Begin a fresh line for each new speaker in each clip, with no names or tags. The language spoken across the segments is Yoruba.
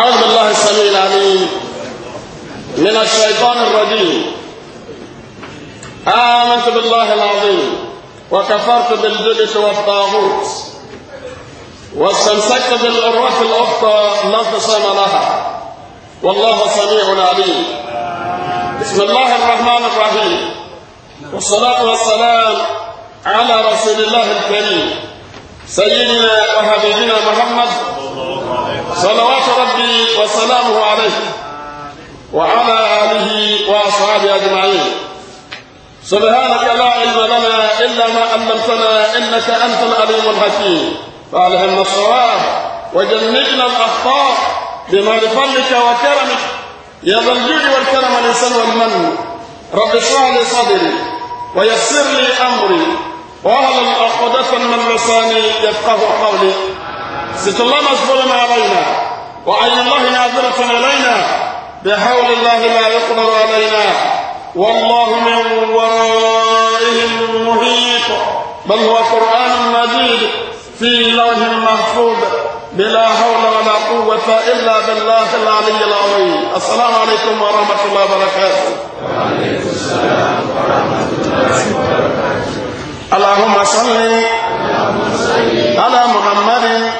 أعوذ بالله السميع العليم من الشيطان الرجيم آمنت بالله العظيم وكفرت بالجلس والطاغوت واستمسكت بالعروة الأخرى لا تصام لها والله سميع عليم بسم الله الرحمن الرحيم والصلاة والسلام على رسول الله الكريم سيدنا وحبيبنا محمد صلوات ربي وسلامه عليه وعلى آله وأصحابه أجمعين سبحانك لا علم لنا إلا ما علمتنا إنك أنت العليم الحكيم فألهمنا الصواب وجنبنا الأخطاء بما لفضلك وكرمك يا ذا الجود والكرم الإنسان والمن رب اشرح لي صدري ويسر لي أمري وأهل الأخوة من لساني يفقه قولي ست الله مظلوما علينا وعين الله ناظرة علينا بحول الله لا يقدر علينا
والله من ورائهم محيط بل هو قرآن مجيد في لوح محفوظ بلا حول ولا قوة إلا بالله العلي العظيم السلام عليكم ورحمة الله وبركاته
وعليكم السلام ورحمة الله وبركاته
اللهم
صل على محمد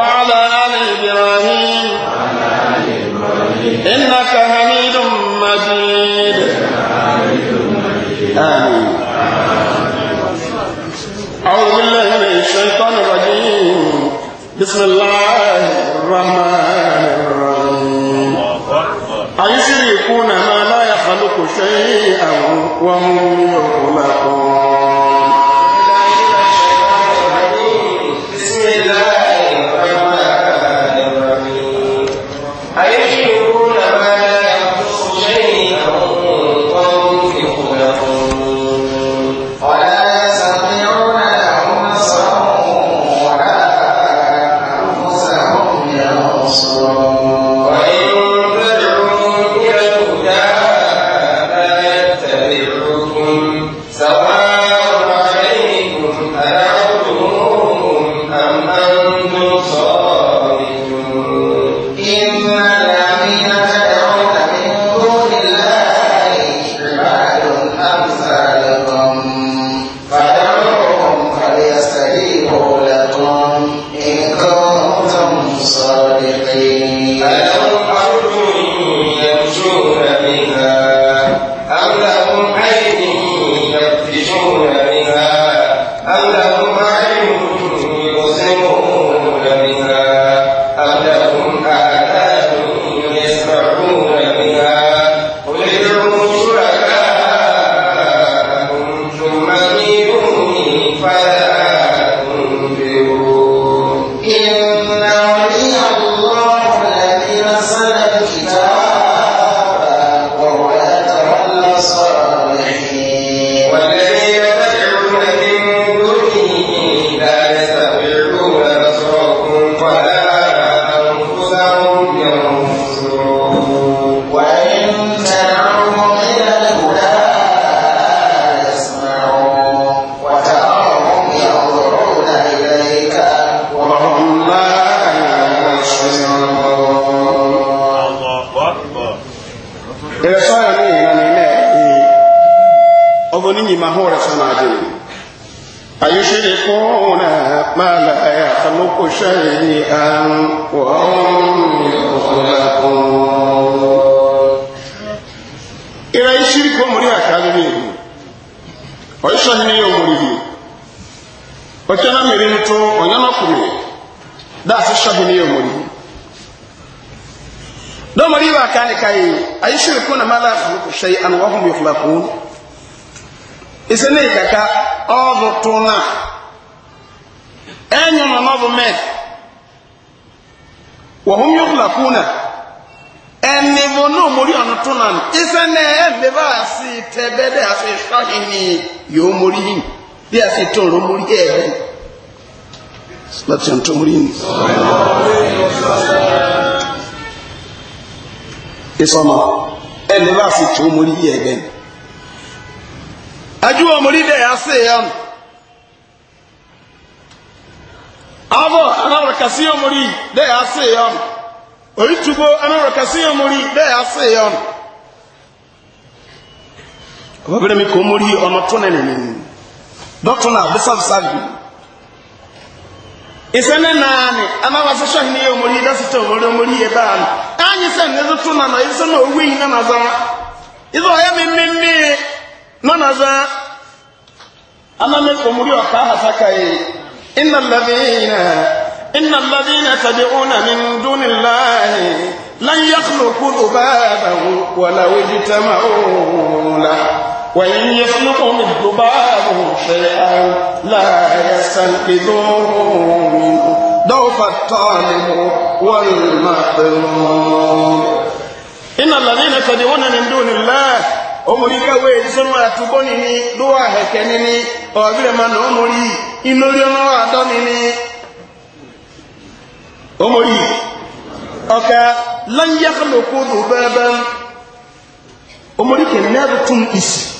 وعلى آل إبراهيم إنك حميد مجيد آمين أعوذ بالله من الشيطان الرجيم بسم الله الرحمن الرحيم أيشركون ما لا يخلق شيئا وهم يخلقون
Let's àǹtọ́ mú rí ni. ìsọmọ ẹni bá sì tó mú rí yẹ ẹgbẹ ni. ajú ọmọ rí dẹ̀ yà sí ẹ̀yà nù. avọ anabrakasi ọmọ rí dẹ̀ yà sí ẹ̀yà nù. oyitubo anabrakasi ọmọ rí dẹ̀ yà sí ẹ̀yà nù. mi kò mú rí ọmọ tó nẹ̀ nẹ̀ nẹ̀ dọ́tún isene naani ama wasa shahi ni yomori da sita omori omori ye baani anyi se ne zo tuna na izo na owi ina na za izo ya mi mi mi na na za ama me omori wa kaha saka ye inna alladhina inna alladhina tad'una min dunillahi lan yakhluqu dhubaban
wa law ijtama'u lahu وإن يسلكوا من ذبابه شيئا لا يستنقذوه منه ضعف الطالب والمطلوب إن الذين
يدعون من دون الله omurika we sonu atubo nini luwa heke nini ma na omori inori ọnụ adọ nini omori ọka lan yakalokwu dubebe isi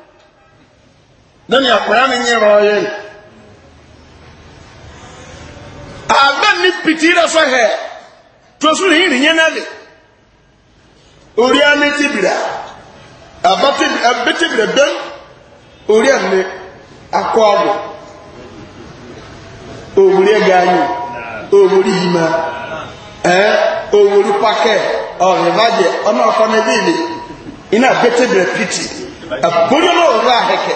lẹ́nu àkùránì yín rọ ọ́ yẹn. àgbẹ̀ ní pìtì rẹ̀ sọ hẹ̀ tuosu yìí nìyẹn náà lè orí àmì ti bìrà àbẹ ti bìrà dán orí àmì akọ àgbọ̀ òwúrẹ́ gàáyìn òwúrẹ́ yìí máa ɛɛ owori pakɛ ɔrɛvajɛ ɔnà ɔkɔnɛbìlì iná bẹtẹbẹrẹ pìtì àbójúlò òwúrọ àhẹkẹ.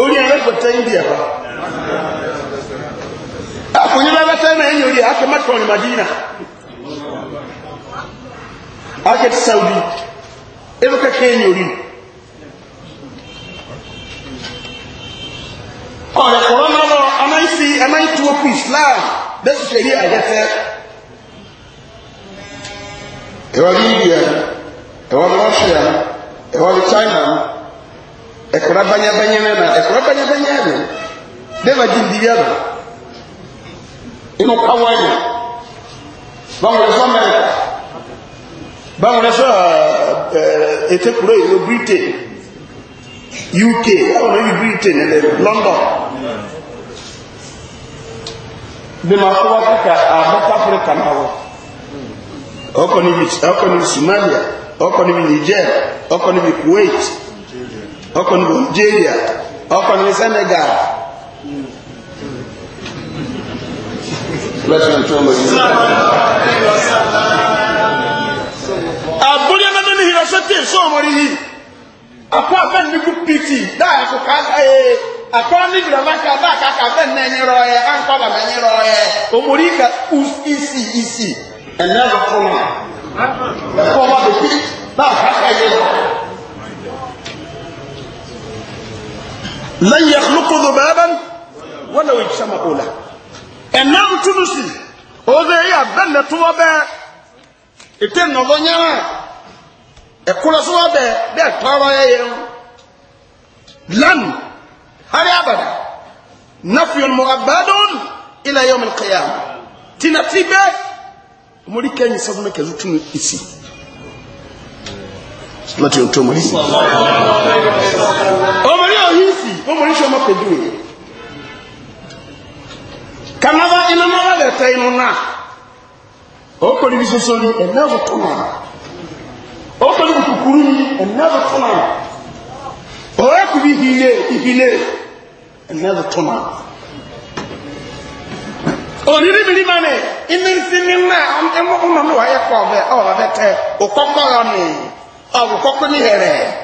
orí ẹ̀rọ pẹ̀tẹ́ india bá akùnye bá bá sẹ́yìn ẹ̀yìn orí akẹ́ mẹ́tọ́ ní madina akẹ́ ti saudi ẹ̀rọ kẹ́kẹ́ ẹ̀yìn orí ọ̀rẹ́ kọ̀rọ̀ náà lọ amáyísí amáyítú okùn islam bẹ́ẹ̀ sì ṣeré àjẹsẹ́ ẹ̀wọ̀n india ẹ̀wọ̀n russia ẹ̀wọ̀n china ɛkura banyabanya ne na ɛkura banyabanya ne deba di ndi bia do inu kawa yi bawore so america bawore so ɛɛ ete kuro yi no britain uk bawore yi britain ne london dema so africa abɔkɔ africa na awɔ ɔkɔ ni bi ɔkɔ ni bi somalia ɔkɔ ni bi niger ɔkɔ ni bi kuwait ọkọ̀ ní nigeria ọkọ̀ ní senegal àbúrò ẹ̀mẹ́ta ní hìrọ̀sọ́tì sọ́ọ̀mọ́rí yìí akọ́ abẹ́ni ní group pt dáa ẹ̀kọ́ ká ẹ̀ẹ́ akọ́ ní gbìyànjú dáa kàkà bẹ́ẹ̀ ní ẹ̀yìn rọ ẹ̀ ànkọ́ bàbá ẹ̀yìn rọ ẹ̀ òmùrí ka isi isi
ẹ̀nà ẹ̀rọ fún wa
ẹ̀kọ́ wa bẹ̀ fi
dáa kàkà ẹ̀yìn rọ.
لن يخلق ذبابا ولو اجتمعوا أولا انام تنسي اوزي يا بن توبا اتن نظنيا اكل سوابا به ده طارا يم لن هل ابدا نفي مؤبد الى يوم القيامه تنتيبا muri kenyi sabuna kezu إسي isi lati onto Eri ohisi omurisho mapedwe. Kanava inamara leta inuna. Okoli bisosoli enavo tuna. Okoli butukuru enavo tuna. Oya kubihile ihile enavo tuna. Oniri bilimane ma no be o ni. ni here.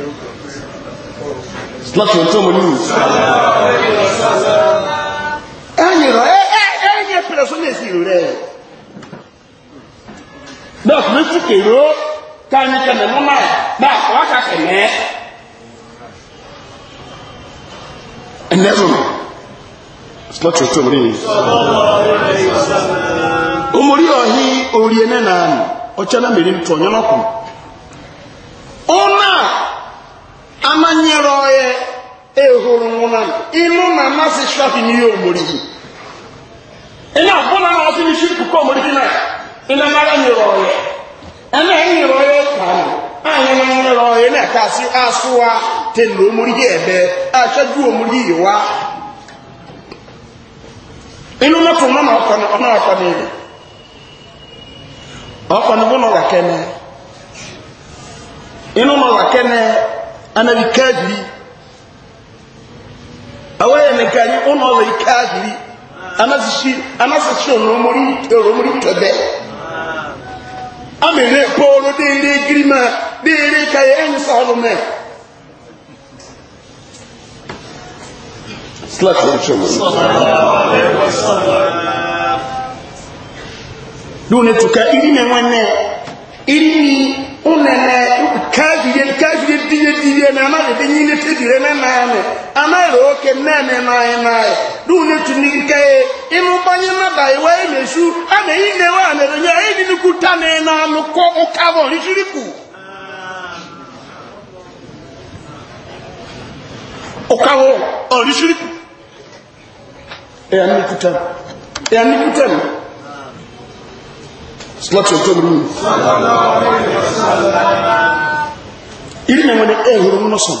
láti ohun tí ó mọ̀ ní ìwòsàn. ẹ̀yìn rẹ̀ ẹ̀yìn pẹ̀lẹ̀ sọ́nà èsì rẹ̀. dọ́ọ̀tí ló ti kèrò káyọ̀ kẹ̀mẹ̀ mọ́mà bá àkọ́wákà kẹ̀mẹ́. ẹ̀nẹ́rùn láti ohun tí ó mọ̀ ní ìwòsàn. omori ọ̀hí orí ẹ̀nẹ́ náà ọ̀chẹ́ náà mèrè ntọ̀ ọ̀nyọ́nọ́kùn. ọ̀nà amanyere ọya ehuru nwụna ịnụ na amasị shafi n'ihe omorihi ịna abụ na amasị n'ishi puku omorihi na ịna mara nyere ọya ịna nyere ọya kwanụ anyị na nyere ọya na-aka asị asụwa telu omorihi ebe achadu omorihi iwa ịnụ mọtụ nọ na ọkwa ọ na-akwa n'elu ọkwa n'ụgbọ na ọ ga kene ịnụ na ọ kene ana bi kafiri awaye ne kanyi ono le kafiri anasishi anasishi ono muri ono muri tobe amene polo de ile grima de ile kaye en salome
Slash wa chomo. Sallallahu
alaihi wasallam. iri tuka ili ne mwane ili unene kafiri kafiri diye diye na na de nyine tedire na na ne ana ro ke na ne na na du ne tuni ke inu banye na dai wa ne shu ana yi ne wa ne nya yi ni ne na ko o ka bo o ka bo o e ani e ani slọ́tù ọjọ́ mú ní ìrìn àwọn ẹ̀hùrù mú sọ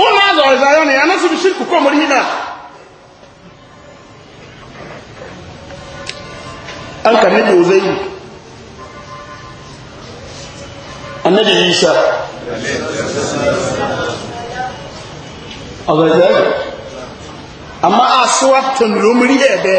ó máa lọ ọ̀rẹ́ ayọ́ ni a náà sì fi ṣírkù kọ́ mọ́rí náà an ka nabi uzayi
annabi isa ọ̀rẹ́ ayọ́ amma
a sọ́wọ́ tọ̀nù lómìnirí ẹ̀bẹ́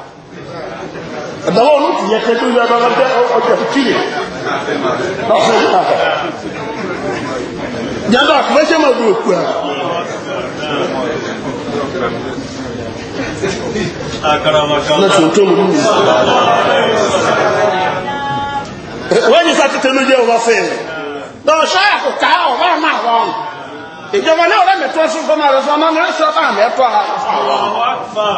ẹ̀dọ́wọ́ ọ̀nù ti yẹ kẹ́ tó yẹ bàbá jẹ́ ọjọ́ kílè lọ́sẹ̀ ní àbẹ̀. Jẹ́ndà àkùrẹ́ṣẹ́ máa dùn òkú ẹ̀. Lọ́sẹ̀ tó mú mi. Wọ́n yìí sátítì ló jẹ́ ọba fẹ́. Lọ́wọ́ ṣáyà kò ká ọ̀rọ̀ náà wọ́n. Ìjọba náà rẹ̀ mẹ́tọ́ sí fún ọmọ rẹ̀ fún ọmọ rẹ̀ sọ́kà mẹ́tọ́
àwọn.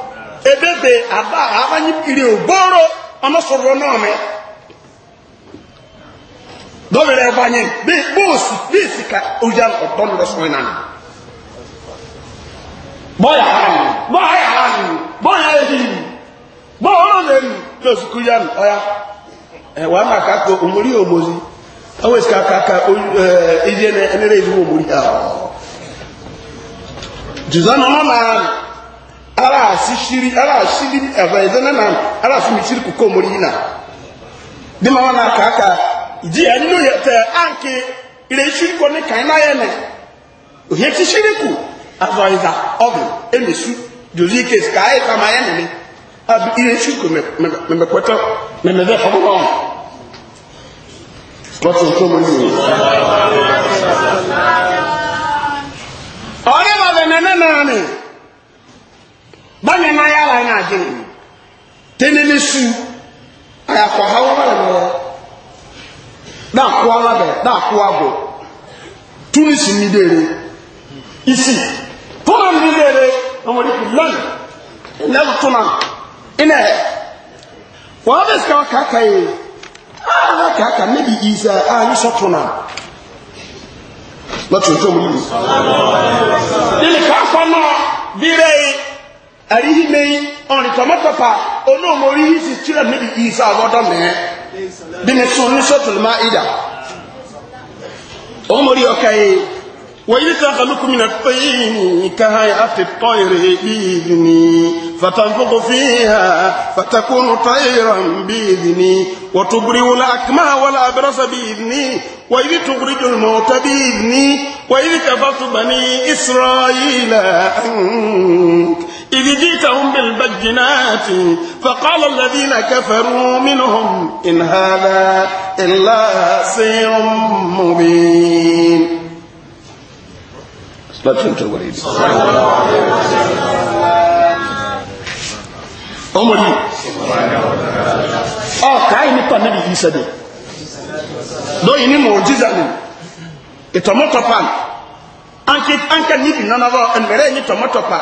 ebebe aba abanyi iri ogboro ama soro na me do me le banye bi bus bisika ujan odon lo so ina boya han boya han boya ebi bo oro le mi lo su kuyan oya e eh, wa ma ka ko omori omozi always ka ka ka eh ije ne ene re iwo omori ha juzana mama arasi shiri arasiri evaizana nam arasi mishiri kuko murina dima wana kaka ji anu yete anki ile shiri ko ne kan na yene ohe ti shiri ku avaiza obi emesu jozi case kai kama yene ni ab ile shiri ko me me kwata me me fa mo Lọ́tún tó mú ní ìlú. Ọ̀rẹ́ bàbá nẹ́nẹ́ náà ni. báyẹ̀ na ya láì náà jẹ́ tene tẹ́lẹ̀ ní su àyàkọ̀ ha wọ́n bẹ̀rẹ̀ na náà kó alábẹ̀ náà kó agọ̀ túnisì ni dere isi tónà ní dèrè ọmọdé kò lọ́nà lẹ́wọ̀ tónà iná ẹ̀ wọ́n bẹ̀ sika kàkà yìí áhà kàkà níbi ìsà áhà sọ tónà na tó mú n'i ka arihi meyi ɔni tɔmɔtɔ pa onu omo orihi si kyerɛ mi bi isa ɔbɔdɔ mɛɛ bi ne sun ne sɔtun ma ida omo ri ɔka yi wɔyi ta kaluku mi na tɔyi kaha yi ati tɔyiri biidini fatanfoko fiha fatakunu tɔyira biidini wɔtubiri wula akima wala abirasa biidini وإذ تخرج الموت بإذني وإذ كفرت بني إسرائيل عنك إذ جئتهم بالبجنات فقال الذين كفروا منهم إن هذا إلا سير مبين أمري أو كاين النبي عيسى دو يني معجزة إتمطفان أنك أنك نيبي نانا ان مرأي نتمطفان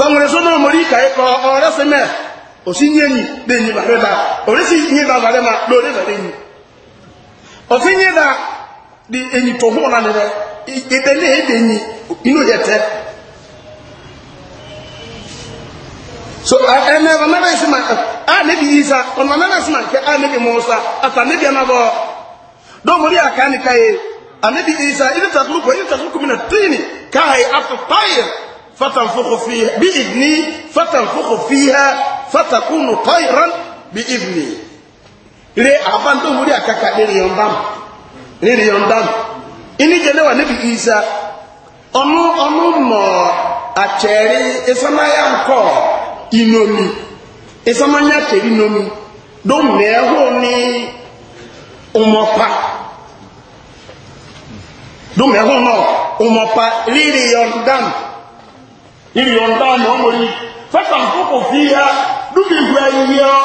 lọ́wọ́rẹ́ sọ́nà mọ̀rí kàíkọ ọ̀rẹ́ sẹ́mẹ̀ òsí yẹ́yìn lẹ́yìn bàrẹ́bà orísí yẹ́yìn bàrẹ́bà lórí bàrẹ́yìn òsí yẹ́dà di ẹ̀yìn tó hùn náà nìrẹ́ ìtẹ́lẹ̀ ẹ̀dẹ̀yìn inú yẹ tẹ́ so ẹ̀mẹ́ ọ̀nàmẹ́ sí ma ánẹ́bí isa ọ̀nàmẹ́ sí ma kẹ́ ánẹ́bí mọ́sá àtànẹ́bí ẹ̀nàbọ̀ dọ́mọdé àkáníkà yẹ ánẹ́bí isa ilé tàkùrùkù ilé tàkùrùkù mi nà tìrì káàyè àfẹ́ fáyẹ̀ فتنفخ فيها بإذني فتنفخ فيها فتكون طيرا بإذني ile aban to muri akaka lere yondam lere yondam ini jele wa nabi isa onu onu mo acheri isama ya nko inomi isama nya teri nomi do me ho ni umopa do me ho no umopa يريوندا نومري فتنفق ma دبي هوايا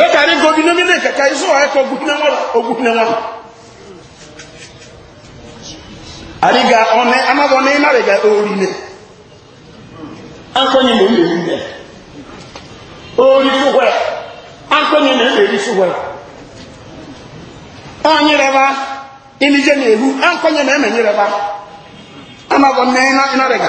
bẹ́ẹ̀ka ní gobi ní mímí kẹ̀kẹ́ iṣu wà ẹ̀kọ́ ogun ní wọn. àríga ọ̀nẹ́ anáwọ̀ ní orí ni ankọ́nyé lè lè rí orí tó wẹ̀ ankọ́nyé lè lè rí tó wẹ̀ ní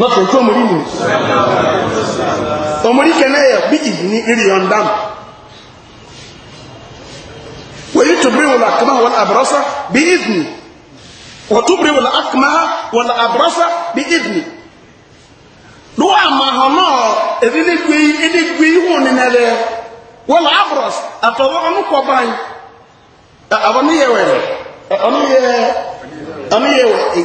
lọ́tọ̀ tó mú rí nù ọmọdé kẹ́nẹ́ yẹ bí ìyí ní ìrì ọ̀ndàm wèyí tó bí wọlé àkàmá wọlé àbúrọ́sá bí ìdùnnì wọ́n tó bí wọlé àkàmá wọlé àbúrọ́sá bí ìdùnnì lọ́wọ́ àmà hàn náà èdè ní gbé ní gbé ihun nínú ẹ̀rẹ́ wọlé àbúrọ́s àtọwọ́ ọmú kọ báyìí àwọn oníyẹwẹ̀ ọmú yẹ ọmú yẹwẹ̀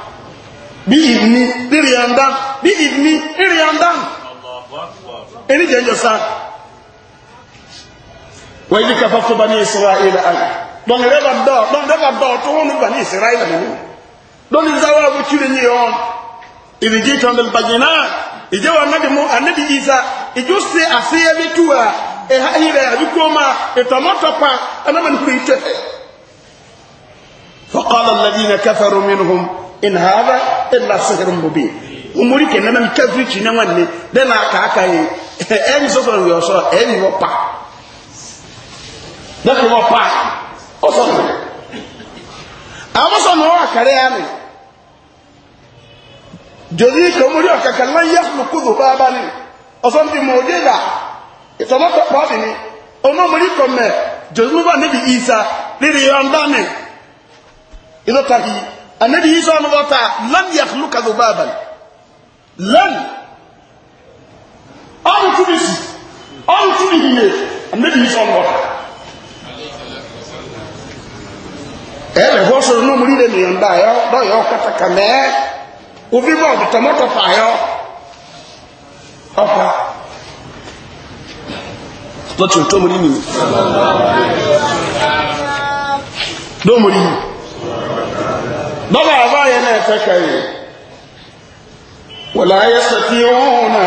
bí ìdní rírí ẹ̀ndá bí ìdní rírí ẹ̀ndá ẹni jẹ́ ẹjọ́ sáà wọ́n yí kẹfà fún bani israel ala dọ́n rẹ́bà dọ́ dọ́n rẹ́bà dọ́ tó wọ́n bani israel nínú dọ́n ní záwọ́ àwọn kiri ní yọ ìrìjì tó ń bẹ bàjẹ́ náà ìjẹ́ wọn náà mú anábì isa ìjọ sí àṣeyẹ bí tu a ẹ̀ha ìrẹ̀ àdúgbò máa ìtọ̀mọ́tọ̀ pa anábì nìkú ìtẹ́ fọ́kọ́ in hada illa sihrun mubin umuri kenana mikafiri chine wanne then aka aka yi eni soso ni oso eni wo pa dako wo pa oso ni amoso no akare ani jodi ko muri akaka lan yakhluqu dhubaba ni oso ndi mujiza itomo ko pa ni ono muri ko me jodi mo ba ne bi isa ni ri yonda ni ido tahi anabi yi sọ ọmọ ta lan yakulu kazo baaban lan ọmọ tún ní si ọmọ tún ní hiye anabi yi sọ ọmọ ta. ẹ bẹ fọ sọrọ ní de nìyẹn da yọ lọyọ kàtàkà mẹ òfin bọ ọdún tọmọtọ fà yọ ọkọ lọtí o tó omori nìyẹn lọmọri yìí bàbá àbáyẹ náà fẹ́ kàyè wọ̀lá Wala sọ̀tí
òun náà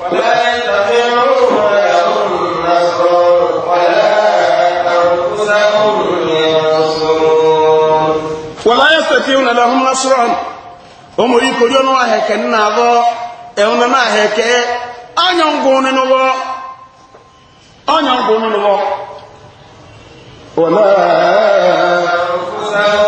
wọ̀lá ayé sọ̀tí òun náà wọ̀lá ayé sọ̀tí òun náà
lọ́hún lásán omori kori ọ̀nà ahẹ̀kẹ́ nínú abọ́
ẹ̀hún náà ahẹ̀kẹ́
ọ̀nyọ̀ngùn nínú wọ́ ọ̀nyọ̀ngùn nínú wọ́
wọ̀lá ayé sọ̀tí òun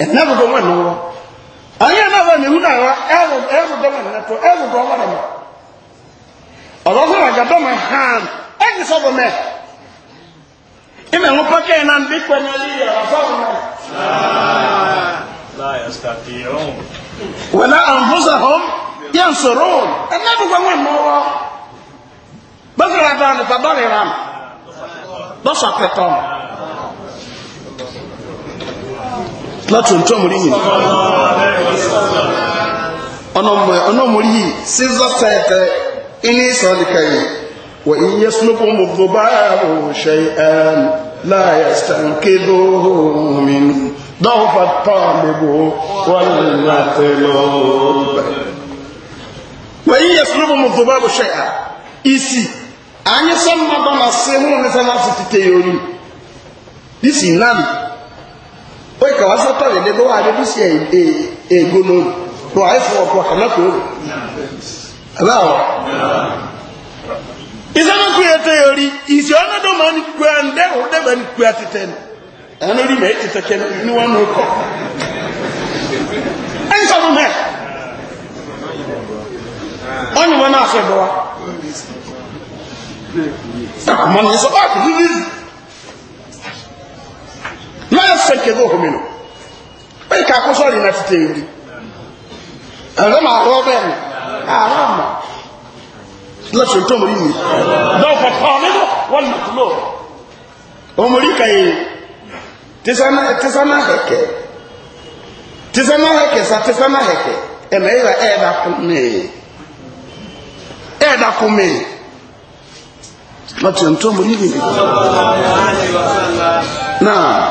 ɛnna dodo wɔn ɛnu wɔ anyɛ na wɔn ɛnu na wɔ ɛru ɛru dɔm ɛnu to ɛru dɔm wɔn ɛnu ɔlɔ sɔrɔ aga dɔm ɛhan ɛdi sɔbɔ mɛ ɛmɛ ŋun pɔkɛ yɛn nan bi kpɛ ní ɛli yɛ ɔsɔbɔ mɛ. wɛlɛ anfusa hɔn yɛn soro ɛnna dodo wɔn ɛnu wɔ bɛsɛrɛ adan ne ta dɔre ram dɔsɔ pɛtɔn. láti ohun yìí ọ̀nà yìí yìí iye gbogbo ṣe láyé na na isi wọ́n kà wá sápá lè dé lọ́wọ́ adébí sí ègbó lónìí wọ́n àyè fún ọkọ̀ àmọ́kò rò àbá wọn. ìsọ́nàkú yẹn tẹ́ yóò rí ìsì ọ̀nàdọ̀ máa ń gbé àǹdẹ́ òun dẹ́gbẹ̀ẹ́ ní gbé àtẹ̀tẹ̀ ni àwọn orí mẹ́ẹ̀ ti tẹ̀kẹ́ ní ما يستنكذوه منه بل كاكو صاري ما تتيري هذا ما رابعنا أعلم لا سلطان ريني لو فالحامل والمطلوب أمريكا تسمع تسمع هيك تسمع هيك تسمع هيك أما إذا أدا كمي أدا كمي لا سلطان ريني نعم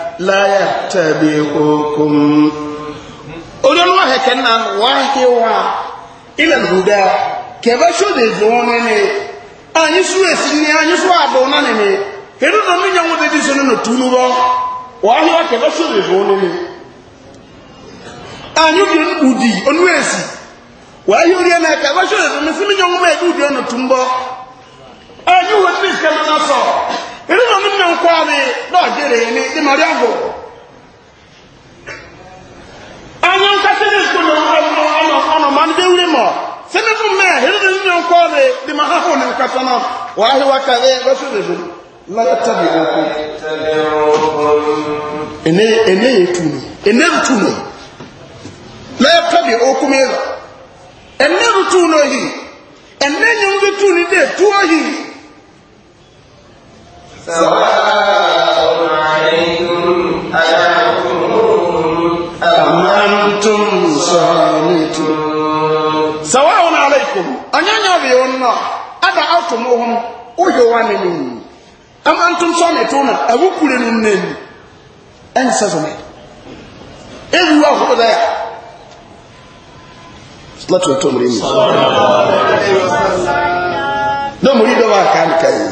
Laya tabi okun olóòlùwà hẹ̀kẹ́ náà wáhí wá ilẹ̀ lùdá kẹfẹ́ ṣòdè ìdùnwọ́n nínú anyi sùn èsì ní anyi sùn àbọ̀ náà nínú kẹfẹ́ tó ní yẹn wọ́n tẹ́tí sọ nínú túnú bọ́ wáhí wá kẹfẹ́ ṣòdè ìdùnwọ́n nínú anyi bìrì ùdì esi èsì wáyé orí ẹ̀nà kẹfẹ́ ṣòdè ìdùnwọ́n mi ìdí náà nínú nǹkọ́ mi náà jèrè mi ní mọ̀rí àgbò. àwọn kásẹ̀ ní sùkúl ọ̀nà máa ń dé wúrí mọ̀ sẹ́ni fún mi ìdí náà nínú nǹkọ́ mi ní máa hàn ní nǹkan tán wà á wá kàwé lọ́sùn lèṣù láyé tàbí òkú. ẹnẹ́ ẹnẹ́ yẹn tù mí ẹnẹ́ tù mí láyé tàbí òkú mi ẹnẹ́ tù mí ẹnẹ́ yẹn tù mí dé tù
سواء عليكم أدعوكم أم أنتم صامتون
سواء عليكم أن ينبئون أدعوكمهم أجوانهم أم أنتم صامتون أبوكم لنم أن سزمين إذ هو أخذ صلاة وتوم ريم
دم ريدوا كان كاين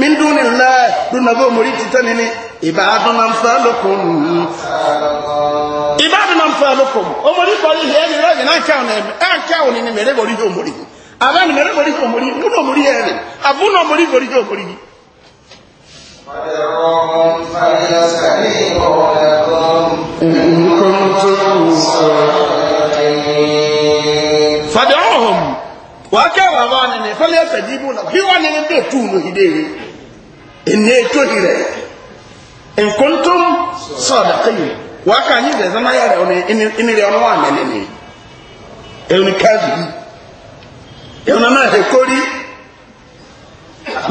من دون الله دون ذو مريد تنيني عباد أمثالكم عباد أمثالكم أمري قولي هي أمي رأي أنا كاوني أنا كاوني نمري بوري هو مريد أبا نمري بوري هو مريد منو مريد أمي أبو نو مريد بوري هو مريد فَدَرَّهُمْ
فَلْيَسْتَجِيبُوا لَكُمْ إِن كُنتُمْ صَادِقِينَ فَدَرَّهُمْ
وَكَوَابَنِ فَلْيَسْتَجِيبُوا لَكُمْ هِوَ نِنْ بِتُونُ هِدَيْهِ inni etohire nkuntum sadaqiyin waka anyi de zama yare one ini de ono amene ni euni kazi euna
na hekori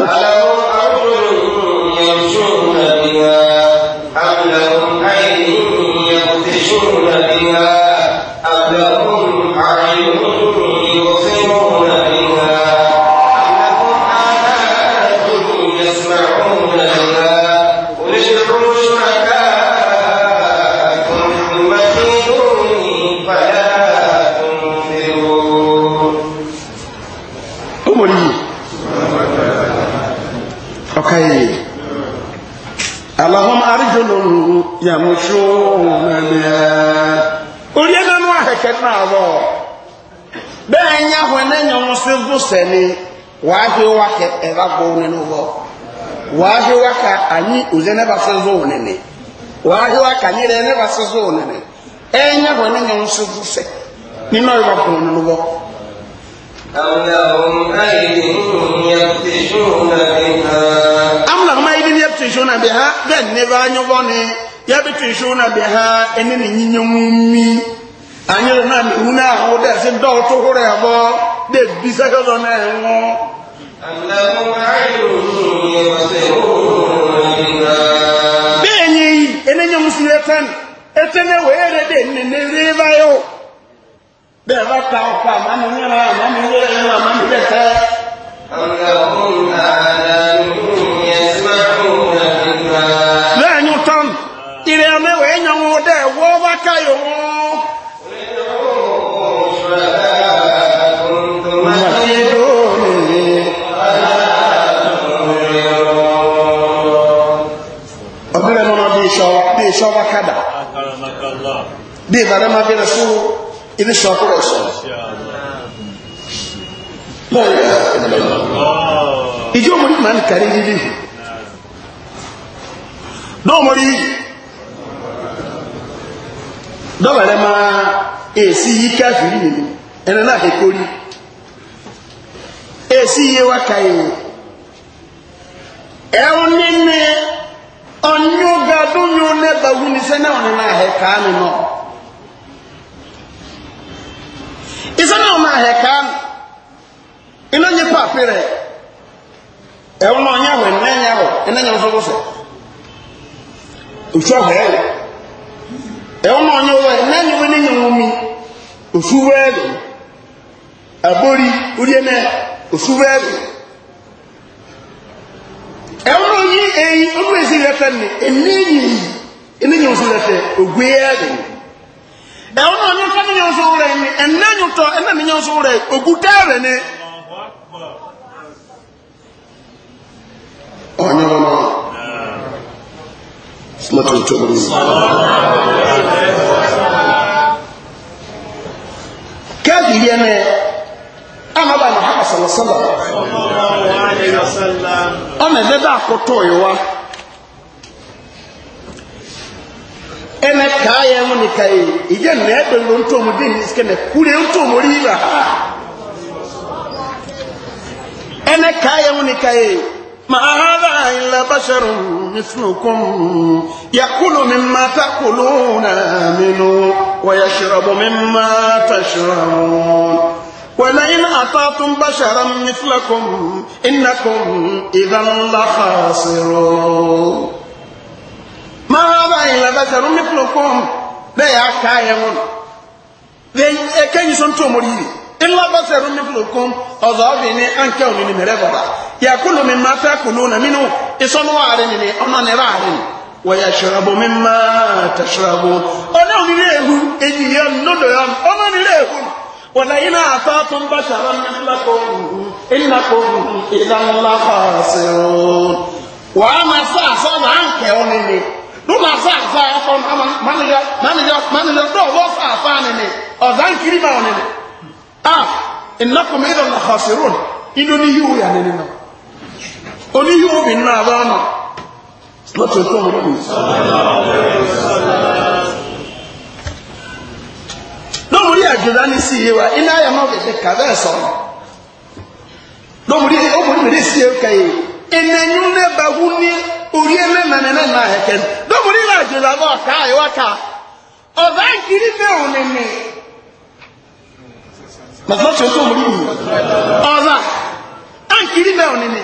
alaw arjulu yamshuna biha am lahum aydin yabtishuna biha
يمشون بها ولينا نوحك النعظة بأن يهونا يمصد سني وعفي وحك إذابون نوغو وعفي وحك أني أزنا بسزونني وعفي وحك أني لنا بسزونني أن يهونا يمصد سني
نينو يبقون نوغو أم لهم أيد يبتشون بها
أم لهم أيد يبتشون بها بأن نبا نبوني Ya biha ene ne nyinyomumi anyere na mi huna na de se do to hore abo de bisa ka
na enwo allahu a'ilu yabasiruna
ha ene nyomusire tan etene were de ne ne riva yo be ba ta o
ma ma ma
ire ame wee nya ŋu ɖe wɔ va ka yo ŋu.
ɔbɛrɛ nɔnɔ bi sɔ bi sɔ
ibi sɔ kuro sɔ. ìjọ mo ní màá nìkarí yìí dé. dɔw mo ní. dọ́bàrẹ́ ma èsì yí káfìrí nìyí ẹ̀rẹ́ náà hekori èsì yé wa kàyè ẹ̀hún nínú ọ̀nyọ́gàdúnyọ́ nẹ́bà wúnisẹ́ náà wọn náà hẹ̀ kàánù náà ìsẹ́ náà wọn náà hẹ̀ kàánù ẹ̀wọ́n ọ̀nyẹ́ wọ́n ẹ̀ náà nyẹ́wọ́ ní nyẹ́wọ́ mi òfúwẹ́ẹ̀lì àbórí oríẹ̀nà ẹ̀wọ́n ọ̀nyẹ́ èyí ọmọ rẹ̀fẹ́ mi ẹ̀mí yìí rẹ̀fẹ́ ògbéyẹ̀lì ẹ̀wọ́n ọ̀nyẹ́ fẹ́mi yẹn ọ̀sùn rẹ̀ mi ẹ̀nà nyùtọ̀ ẹ̀nà mi yẹn ọ̀sùn rẹ̀ ògùtẹ́rẹ̀ ni
láti ọjọ́ orí mi.
kẹ́ẹ̀dì rí ẹni amaba mahama salasala ọmọ ẹ̀dẹ́dẹ́ àkótó ìwá ɛnɛ kaa yɛn mo nika yi ìjẹ nà ɛbɛ ló ń tó mo dé ní sikɛ nà kúrè ما هذا إلا بشر مثلكم يأكل مما تأكلون منه ويشرب مما تشربون ولئن أطعتم بشرا مثلكم إنكم إذا لخاسرون ما هذا إلا بشر مثلكم لا يعكايمون كي يسنتم مريد إلا بشر مثلكم أضافني أنكم من مرغبا يأكل مما تأكلون منه إصنوا عارنني أنا نرى عارني ويشرب مما تشربون أنا نريه إجيا ندعا أنا نريه ولئن أعطاكم بشرا مثلكم إنكم إذا لخاسرون وأنا سأصاب عنك أنني lóla sáàsá ẹ̀kọ́ mánìyà mánìyà mánìyà lọ́wọ́ sáàsá nìní ọ̀dá ń kiri báwọn nìní ah ìnákùnmí ìdọ̀nà xasirun inú ni yíwú yà nìní náà oni yóò bí nínú àbá ọmọ lọ́tọ̀ tó mọ̀ ní lóòrí àjòdá ní sí iye wa iná ayà máa fẹ̀fẹ̀ kà bẹ́ẹ̀ sọ lóòrí ọkùnrin mìíràn sí ẹ̀ka yìí ẹnẹyún lẹ́bà wú ní orí ẹlẹ́mẹ̀rẹ̀ náà náà ẹ̀kẹ́ lóòrí àjòdá náà ká àyíwá ká ọ̀bá ìkiri fẹ́ òní ni lọ́tọ̀ tó mọ̀ ní ọ̀bá ìkiri fẹ́ òní ni.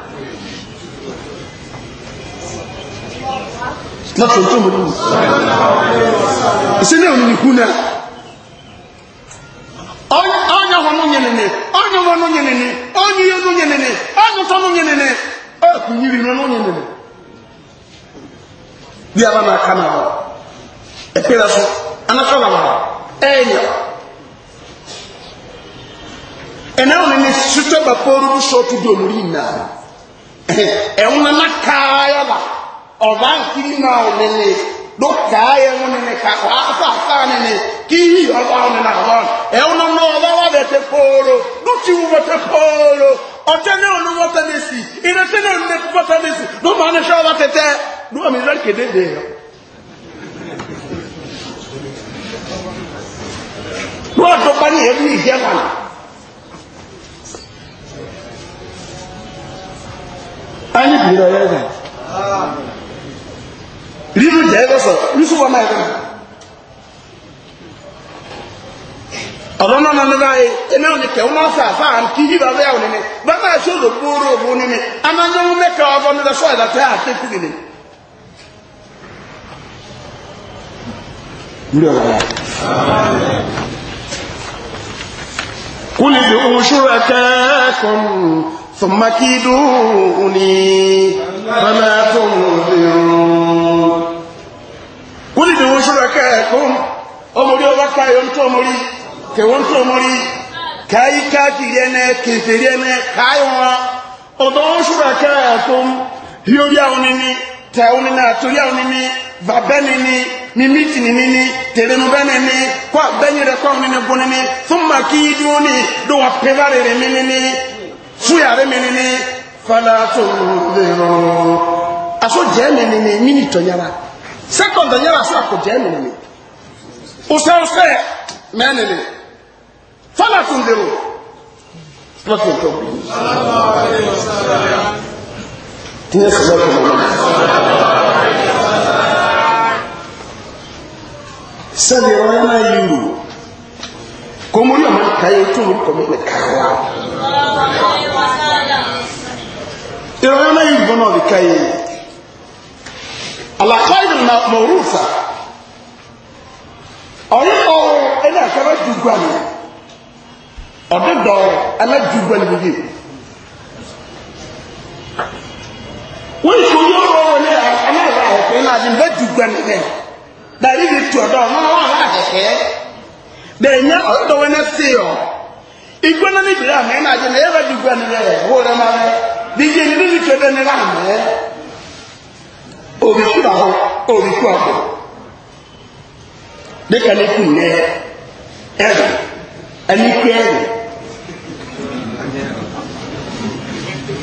na tonto mu ni isene onu ni kuna onye hɔ no nyenene onye hɔ no nyenene onye yɛ no nyenene onye tɔ no nyenene ekunyiri no no nyenene bi aba na aka na hɔ ekpere so anaka na hɔ ɛyɛ ɛnɛ wɔn ni sotɔ ba pɔɔru bi sɔɔtu di omuri nyinaa ɛwɔ na na kaa yɛ ba ọba nkiri na ọnene ló kaa yẹ ń nene ká wà á fà fà nene kí yí ọba ọnene àwọn ẹ̀hún náà náà ọba wà bẹ̀ tẹ pọ́ọ́rọ́ ló ti wù bẹ̀ tẹ pọ́ọ́rọ́ ọ̀tẹ́ náà ló wọ́ tẹ́lẹ̀ sí ìrẹsẹ́ náà ló wọ́ tẹ́lẹ̀ sí ló máa ń ṣe ọba tẹ́tẹ́ ló wà mí lọ́ọ́ kéde dè é. wọ́n àtọ́pá ní ẹ̀rú ìjẹ́ wà ní. Anyị bìrọ̀ ya ẹ̀ ríru jẹ́ ẹgbẹ́sọ̀ ríru wọn náà ẹgbẹ́ ọ̀rọ̀ náà náà nígbà yìí ẹni òní kẹwọn náà fà fà án kí yíba bẹ́ẹ̀ òní ni bàbá àti olùkúrò òbú ni ni anáyẹ̀wò mẹ́ka ọ̀bọ̀ mi lọ sọ ẹ̀dá tẹ́ àti kúrì ni. قل ادعوا شركاءكم ثم كيدوني فما تنذرون قل ادعوا شركاءكم أمري وبكى ينتو أمري كيونتو أمري كاي كافرين كفرين كايوا ادعوا شركاءكم يوليونني تاوننا توليونني فبنني mimiti ni nini terenu bene ni kwa benyi rekwa nini bunini thumma kiduni do wapevarere minini suyare minini falato dero aso je minini mini tonyara second tonyara so ko je minini usan se menene falato dero lọ́kì tó kù. Tíyẹ́ sọ́dọ̀ tó mọ̀ lọ́kì. Sẹ́ni ọ̀rẹ́ náà yìí wò, kò mú ní ọmọ ìkàyé tó mú kọ̀mí nìkan wá ìròyìn náà yìí gbọ́nà ọ̀dìkà yìí àlàkà ìlú na mọ̀rúfà ọ̀yìn ọ̀rọ̀ ẹni àkàrà dùgbà ni ọ̀dọ̀dọ̀ ẹni dùgbà ni bìbí wọ́n yìí kò yọ ọ̀rọ̀ wọn ní aláàbà ọ̀pẹ náà ni bẹ́ẹ̀ dùgbà ni bẹ́ẹ̀ dàrí ìrètí ọ̀dọ̀ ọ̀nà wọn àhẹ̀kẹ́ bẹ́ẹ̀ ní ọ̀dọ̀ wọn ẹ̀ sí ọ̀. igwe na ni bere ama na je na era di gwa ni wo re ma re di je ni ni kede ni ra ma re o bi ku ba ho o bi ku abo de ka ni ku ne era ani ku era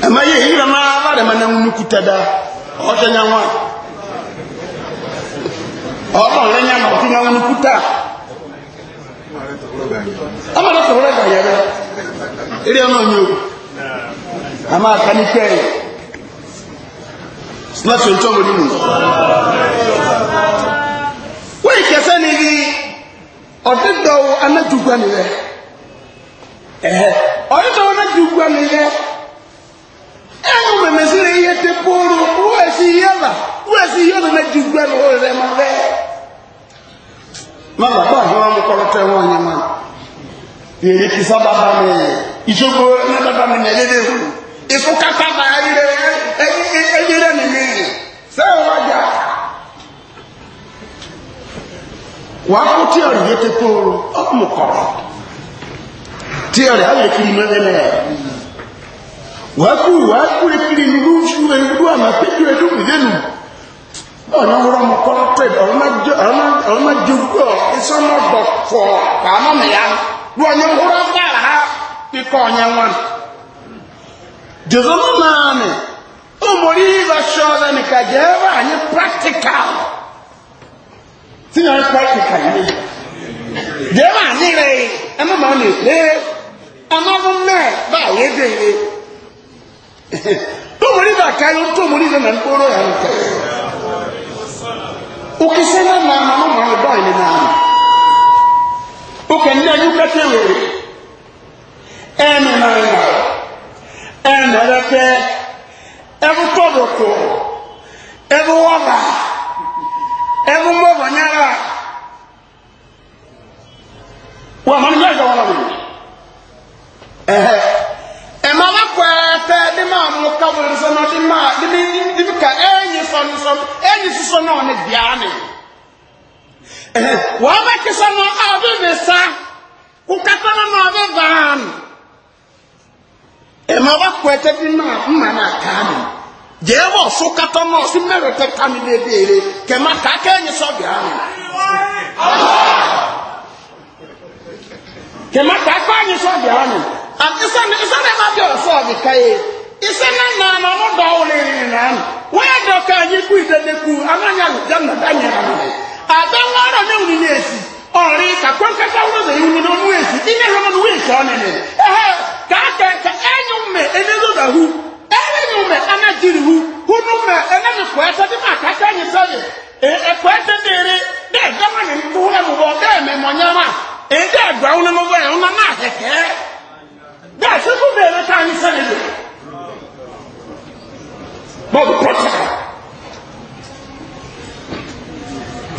ama ye hira ma ba re ma na nu ku tada o ta nya wa o ba le nya ma ti nya nu ku tada ama na tɔrɔ ka yɛrɛ eri ɔnɔ nyo ama akani kɛ sinasi ntɔ mo ni mu wɔyi kɛsɛ ni bi ɔdi dɔw anadugba ni yɛ ɛhɛ ɔdi dɔw anadugba ni yɛ ɛnu mɛmɛsi le yɛ te pooro wɔsi yɛla wɔsi yɛla anadugba ni wɔyɛ ma bɛ
mama kɔ ahɔn
mu kɔrɔtɛ wɔn nyɛ ma èyí ti sábà bá mi ìṣòro lábàbà mi nà lédè wò ìfún kátà bá ayílẹ ẹyẹlẹ mi mi sẹ́wọ̀n wájà. wàá kó tíọ̀rì yé tètè oru ọkùnrin kọ̀rọ̀ tíọ̀rì ayé kiri mẹ́lẹ́lẹ́ wàá kú wàá kú ekiri nínú oṣù ẹ̀dú àmà pẹ̀lú ẹ̀dú mìlẹ́nu ọ̀nà wúrọ̀ mu kọ́ pẹ̀lú ọ̀rọ̀ má jẹ́ ọ̀rọ̀ má jẹ́ gbọ́ ẹ̀sán má bọ̀ fọ̀ pàmò mìíràn wọnyẹ nhoro mbaara ha ikọ ọnyẹ nwan jòzòmù maame ọmọdé yìí bá sọ ọdẹ nìkan jẹ ẹ bá anyi practical tí yàrá practical yìí jẹ ẹ bá anyi rẹ ẹ má ma lè lé anáwó mẹ bá yé dé yé ọmọdé bá ká yọ tó ọmọdé yìí nà nkóró yàrá nkà òkè sẹ́yìn náà nà ọmọ mọ̀ ọ́ dọ́ yìí nà you ukɛn na yi kɛtɛ wele ɛnna nana ɛnna yɛ tɛ ɛmu tɔdɔ kɔ ɛmu wɔba ɛmu mɔba nyara wa ma nyɛ gawara mi ɛhɛ ɛmɛ ala kɔɛtɛ di ma mu kabiri sɔnna di ma di mi di mi ka ɛnyi sɔnni sɔnni ɛnyi sɔnni ɔni biya ni wọ́n bá kí sọ́nà ọdún mi sá kó kátó nínú ọdún báàm ẹ̀mọ́ bá kó ẹtẹ́ bí náà mma náà ká mi jẹ́ wọ́n so kátó náà sí mẹ́rin tẹ́ ká mi débi èrè kẹ̀má ká kẹ́yìn sọ́bì àná. kẹ̀má ká kẹ́yìn sọ́bì àná àti sani sani ma bẹ ọsọ ọdì káyé isana nana ọmọdọ ọwọlẹ yìnyín nanu wọ́n yà dọ̀ ká yín kú ìdẹ́dẹ́kù anáyà lùjẹ́ nàdá yẹn nanu. ka ọ̀rọ̀ ní òní na èsì na kàkọ́ńkẹ́kẹ́ wọ́n lè wù na ọmú èsì ilé ìrọ̀mọ́ ní wíìsì ọ̀nà ni ẹ̀hẹ́ kàákẹ́kẹ́ ume mẹ́ ẹ̀nẹ́dọ̀dà e, e e, hu ẹ̀yùn mẹ́ ẹ̀nẹ́dìrì hu hunu mẹ́ ẹ̀nẹ́dì kọ́ẹ́sẹ́ tí mà kàkẹ́ ẹ̀yìn na ẹ̀kọ́ẹ́sẹ́ dèrè bẹ́ẹ̀ dẹ́wọ́n ní nkú ẹ̀mú bọ́ na na ka anyị dị.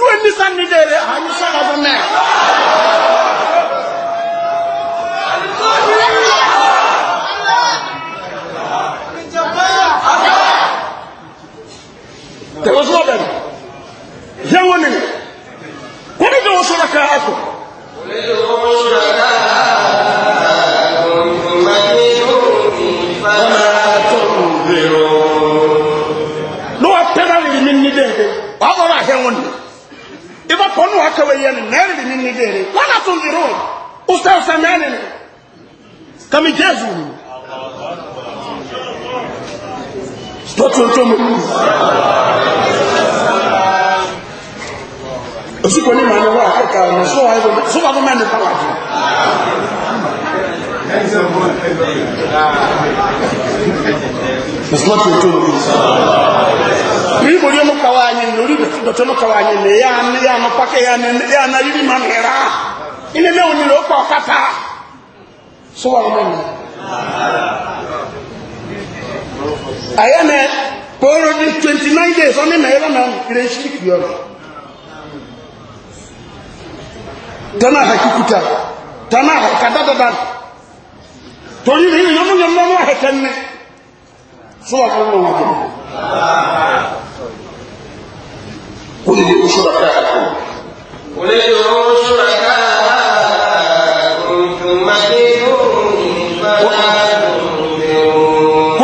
dúró ní sanni dèrè àyè sọ̀rọ̀ bọ̀ mẹ́. There was no better. ni mẹ́rin ni nínú ìdèrè wọ́n náà tún zero ọ̀sẹ̀ ọ̀sẹ̀ mẹ́rin ni kàmi jésù ni. tó tún tó mu. osùpọ̀ ní màá ní wọ́n àkọ́kọ́ àwọn ọmọ sọ́wọ́ mẹ́rin kọ́ jù. It's not your tool. bíbélì ọmọ kàwá anyi lórí dọ̀tí ọmọ kàwá anyi lè yá ni yá nọ ni na rírì má mìíràn ilé náà òní ló kọ́ kàtà sọ́wọ́n ọmọ mi. àyẹ̀ mẹ́ kóró ní twenty nine days ọ́n ní mẹ́rin náà ìrẹ́ sí na ọ̀rọ̀. tana hakikuta tana hakadadada na ní ìyọmúyọmú ọmọ ẹ̀kẹ́ ní sọ́wọ́n ọmọ mi.
قل ادعوا شركاءكم قل ادعوا شركاءكم ثم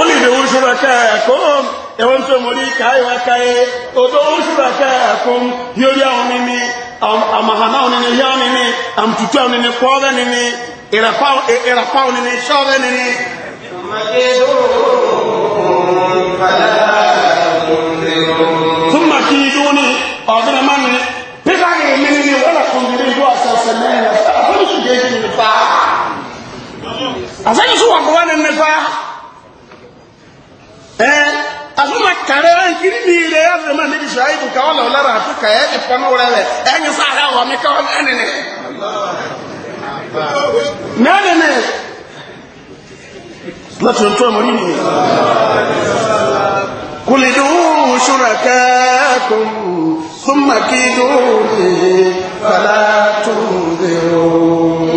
قل ادعوا شركاءكم ẹ̀wọ́n tó mọ̀ rí káyé wá káyé odò ó ṣúra káyàkún yóò yá wọn mímí àmàhàmá wọn ni yá mímí àmtútù wọn ni kọ́ ọ́dẹ́ nínú ìràpá wọn ni ṣọ́ọ́dẹ́ nínú. ọmọdé ló ń asɛnso wɔ kɔba ne mmefa ɛɛ eh, asoma kare a nkiri ni ire ya zama eh, eh, ne bi sɔrɔ ayi buka wala wala rato ka ɛ ɛfɔ no wɛrɛ bɛ ɛ nye sa ara wa mi ka wala ɛne ne n'ale ne na tuntun mo ni ni kulidu
surakakum summa kidu fala tunziru.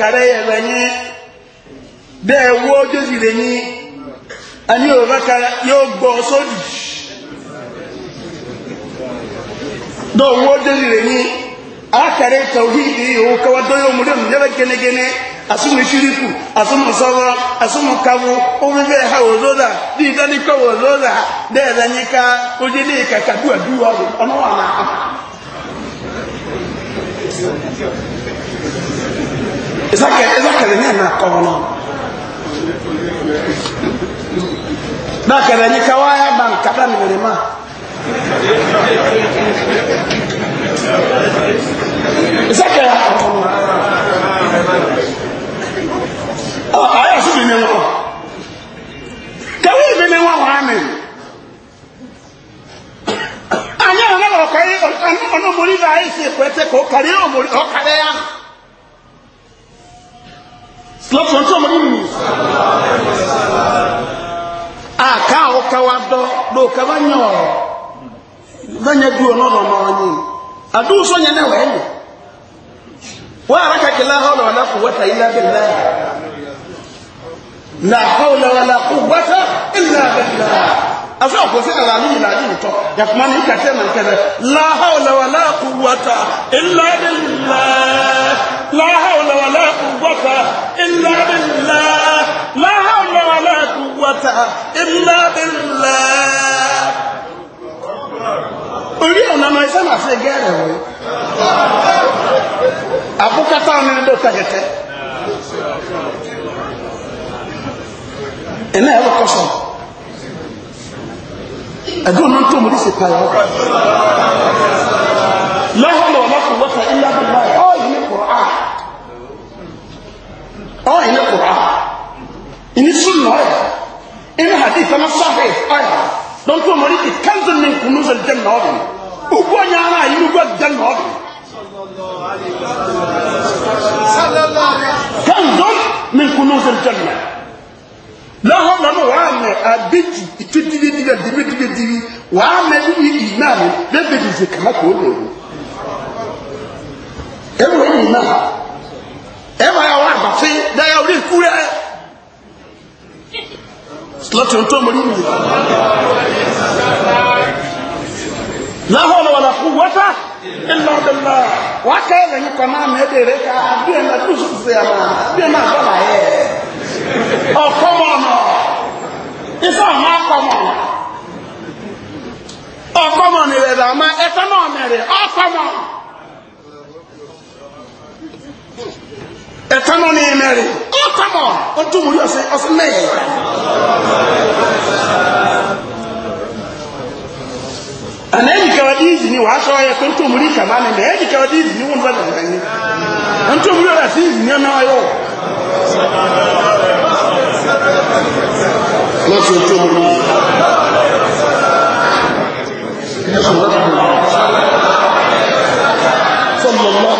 kàrẹ́ yẹ bẹ yín bẹ́ẹ̀ wọ́ jósì lè yín àní yorùbá kàrẹ́ yóò gbọ́ sódì dɔw wo deli le ni akare tawhidi o kawa dɔ y'o mɔdɛ mɔdɛ bɛ gɛnɛgɛnɛ asumu shiriku asumu sɔrɔ asumu kabu o bɛ bɛ ha o lɔ la ni dani ka o lɔ la ne yɛrɛ ɲɛ ka o de ne ka ka du a du
wa o ezake ezakele nye na kɔnɔ
n'akɛlɛ nyi kawa ya ban kata nimiri ma
ezake ya kɔnɔ
ɔ oh, ayi asu bi ne wɔ kawu bi ne wɔ wɔ ami anyi ɔnɛ wɔ kɔyi ɔnɔ mori la ayi si kɔɛ tɛ k'o kari ɔmori ɔkari ya lọ́tún tó mọ̀rí mi àká ọ̀ká wa dọ́ lóòká bá nyẹ ọ̀rọ̀ lọ́nyẹ du ọ̀nà ọ̀nà ọ̀nà ọ̀nyẹ àdúró sọ́nyẹ náà wẹ̀ẹ́ yẹ wọ́n àrà kàkí láhọ́ lọ́wọ́ láfù wọ́tà ilá bẹ̀ láà láhọ́ lọ́wọ́ láfù wọ́tà ilá bẹ̀ láà afẹ́ ọ̀pọ̀sẹ́ kàlà ní ìlà ní ìtọ́ yàtúmọ̀ ní kàkẹ́ nà nkẹ́rẹ́ láhọ́ lọ́wọ́ láfù wọ́tà ilá bẹ̀ لا حول ولا قوة إلا بالله لا حول ولا قوة إلا بالله orí ọ̀nà máa iṣẹ́ máa ṣe gẹ́rẹ̀ wọ́n àkókátá ọ̀nà ní dókítà gẹ̀tẹ́ ẹ̀nà ẹ̀rọ kọ́sọ̀ ẹ̀dùn ọ̀nà tó mú ní sí payọ́ lọ́wọ́ ɔyɛ ne kura ɛni sun na ɔyɛ ɛni hadi fana sɔhe ɔyɛ dɔnku ɔmɔdi ti kanzu ni nkunu sɛ dɛm na ɔbɛn ugu ɔnyaara ayi ni ugu dɛm na ɔbɛn kanzu ni nkunu lọ́wọ́ lọ́nà wàá mẹ abéjì ìtúdídídídá dìbídídídí wàá mẹ níbi ìnáàmù lẹ́bẹ̀ẹ́dì ìṣe kàmákò ó lòrò ẹ̀rọ ìnáà láti ohun tó mọ̀ ní ìlú láhọ́lọ́ wà láfún wọ́tá ìlọ́dọ̀lá wà kẹ́ẹ̀lẹ̀ yíkọ̀ náà mẹ́bẹ̀rẹ̀ ká bí ẹ̀nà tó sì fẹ́ bí ẹ̀nà àgbọ́nà ẹ̀ ọ̀kọ́ ẹ̀tánú ní mẹ́rin ó tàbọ̀ ó tún mú ọ̀sẹ̀ ọ̀sẹ̀ mẹ́yẹ̀ ẹ̀nà ẹ̀yìn kẹwàá dí ìzì ni wàá sọ ọyẹ tó ń tún mú rí kàmá ni ẹ̀nà ẹ̀yìn kẹwàá dí ìzì ni wọ́n bá dàn ẹ̀yìn ó tún mú ọ̀rẹ́ sí ìzì ni ọ̀nà ọ̀yọ́ lọ́sọ̀ tó mú rí
sọ́mọ́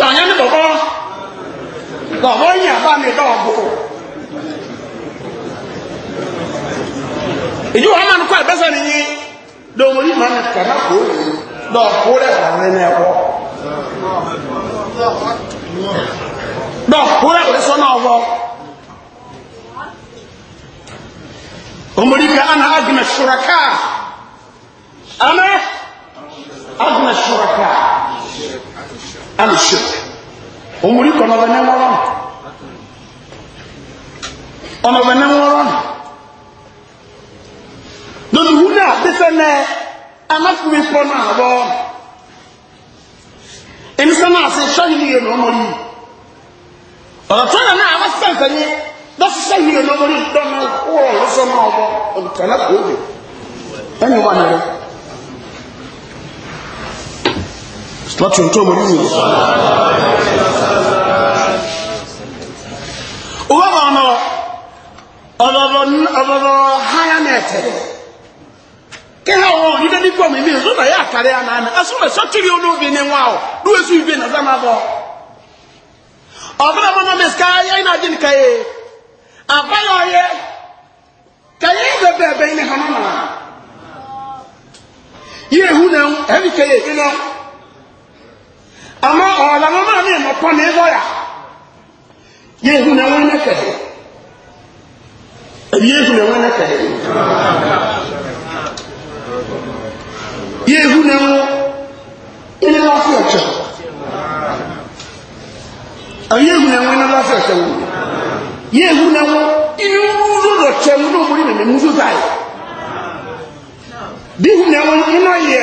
dọ̀nyẹ́ ní bọ̀bọ́ bọ̀bọ́ yìí àbá mi dọ̀ọ̀bù ìjú wọn máa ń kọ́ ẹ̀bẹ́sẹ̀ nìyí dọ̀mọ̀ yìí máa ń kàná kó dọ̀ọ̀kú rẹ̀ wà nínú ẹ̀kọ́ dọ̀ọ̀kú rẹ̀ wọ́n sọ́nà ọ̀bọ̀ omorika ana agna shuraka ana
agna shuraka
alishirk omuri kɔ n'ɔbɛ nɛ ŋɔrɔ ɔnɔbɛ nɛ ŋɔrɔ lórí wu náà bísɛ nɛ anáfíwì kɔ náà bɔ emisɛ náà sè sɔhìn yìí nà ɔmɔ yìí ɔlọtɔ náà náà wọn sɛ nfɛnyɛ lɔsisɛ yìí nà ɔmɔ yìí dɔn ɛnyɛ wà nìyẹn. láti ohun tó mọ̀ nínú ìlú. Owó bá ọ̀nà ọ̀rọ̀rọ̀ háyá ní ẹ̀tẹ̀. Kí ha wọ́n ní dẹ́ni pọ̀ mímí ìzó náà yà kàrí àná àná. Ẹ̀sùn mẹ̀ sọ́tìrì olóògbé ni wọ́n àwọ̀ lúwẹ̀ sí ìgbé náà dáná bọ̀. Ọ̀bùnà mọ́mọ́ mẹ́sì káyá iná dín káyé. Àbáyọ̀ ọ̀yẹ́ káyé bẹ̀bẹ̀ ẹ̀bẹ̀ ní hàn náà. Yé ehu náà ẹ̀mí káyé ama ọ̀la mọ́ máa ní ẹ̀mọ̀ pọ́ ní lọ́yà yé ihu na wọn nẹkẹ
yé ihu na wọn nẹkẹ yé
ihu na wọn ẹni wọn fi ọ̀kyẹ́ ayé ihu na wọn ẹni wọn fi ọ̀kyẹ́ wọn yé ihu na wọn ẹni wọn wúzọ ọ̀kyẹ́ wọn ní ọmọdé nìyẹn mú zọ báyìí na wọn ẹni wọn yẹ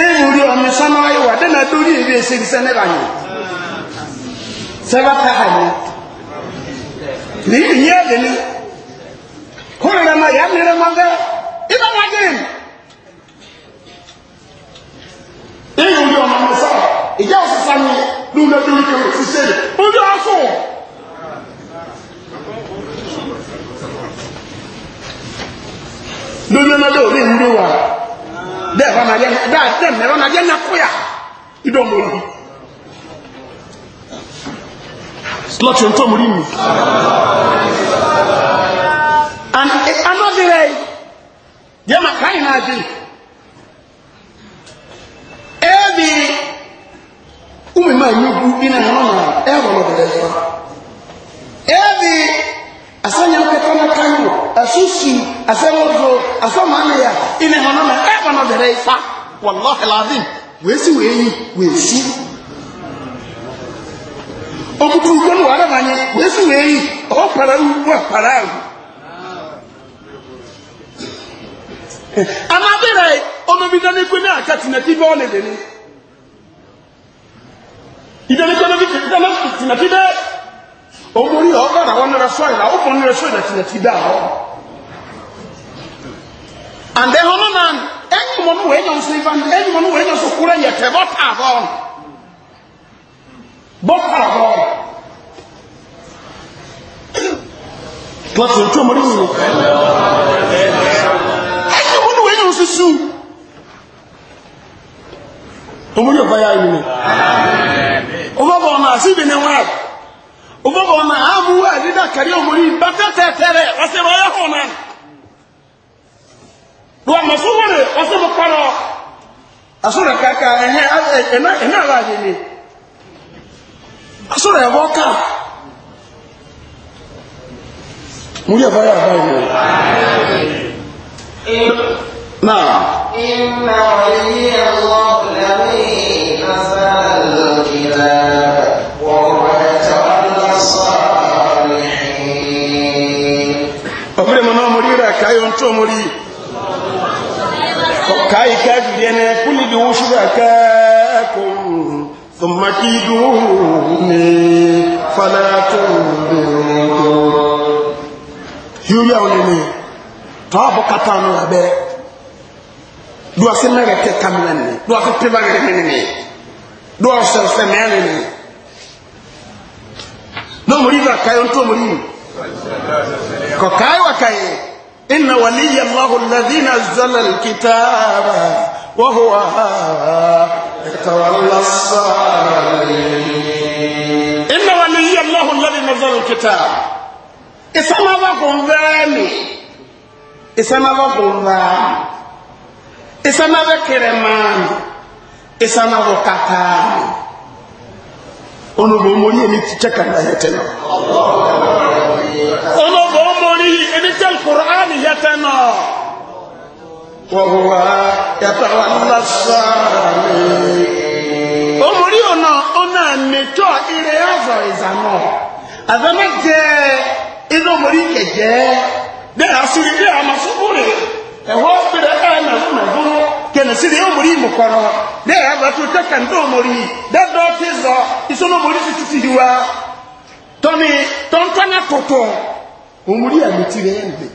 ewuri ɔmi sɔnna ayi wa de na dori ebi esiri sɛ ne ba nye sɛba ta ha nye ni nye de ni kɔmi na ma ya mi na ma bɛ iba ma de mu ewuri ɔmi sɔnna ìjà òsìsà ni ló na dori kò sise ojú aso. lónìí ọmọdé òní ìwúrí wa dɛ ba na yɛ na dɛ dɛ mɛrɛ na yɛ na koya idɔn mo yi lọtí ntọ́ mu rí mi and another way yẹ ma kàn yín adi ebi umi maa yi bu ina hàn ma ẹ wọlọ bẹrẹ yẹ ebi. asanya nkata na kanyo asusi asɛmodo asɔmane ya ine hɔno na ɛma no dere fa wallahi wee wesi wee si. okutu ugbo no wara manye wesi wee ọ oh, para ugbu a para eh, agu anabere onobida ne kwe na tibe ɔne deni idanikwe ne omori ọgbàdà wọn nira sọ ìlà ọkùnrin nira sọ ìlà tìlẹ̀ ti dà ọ. and then ọmọ náà ẹni mọ ní wẹ́ẹ́ yọ nsọ ìfà ẹni mọ ní wẹ́ẹ́ yọ nsọ kúrẹ́ yẹ tẹ bọ́ tà bọ́ ọ bọ́ tà bọ́ ọ. kílásì ojú ọmọdé yìí. ẹni mọ ní wẹ́ẹ́ yọ nsọ sùn. omori ọba yà á yìí. ọba bọ̀ ọ̀nà àti ìbẹ̀nẹ̀ wáyà umogo wa maamu wa nida kariyo muri mbaka tetere wase roya konan duwa masumune wase mkwano asura kaka ehe e, ena ena laji ni asura ya boka muri
afaya afaya نعم
إن ولي الله الذي نزل الكتاب
kayo nto muri kai kafiri ne kulli bi wushurakakum thumma kiduni fala tunbiru yuri awon ni tabo katanu abe duwa se mere ke kamlan ni duwa se pebare ni ni duwa se se ni no muri ba kayo nto muri ko kai wa kai إن ولي الله الذي نزل الكتاب وهو يتولى الصالحين إن ولي الله الذي نزل الكتاب إسما بكم ذاني إسما بكم ذاني إسما بكرمان إسما بكتاني ono bo mori eni cheka na yetena ono bo mori eni tel qur'an yetena
wa huwa yatawalla as-salihin
omori ona ona meto ire azo izano azama je ido mori keje de asiri de amasubure e ho pere ana na zo dẹ̀nà sí rẹ̀ ó mọ̀rí ìmọ̀kọ̀rọ̀ bẹ́ẹ̀ abàtú tẹ́kà ń tó mọ̀rí dẹ́dọ̀ ti zọ ìsọ́nà mọ̀rí ti tutù yìí wá tọ́ni tọ́ntọ́nà tọ̀tọ̀ òmùrí àmì ti rẹ̀ ń bẹ̀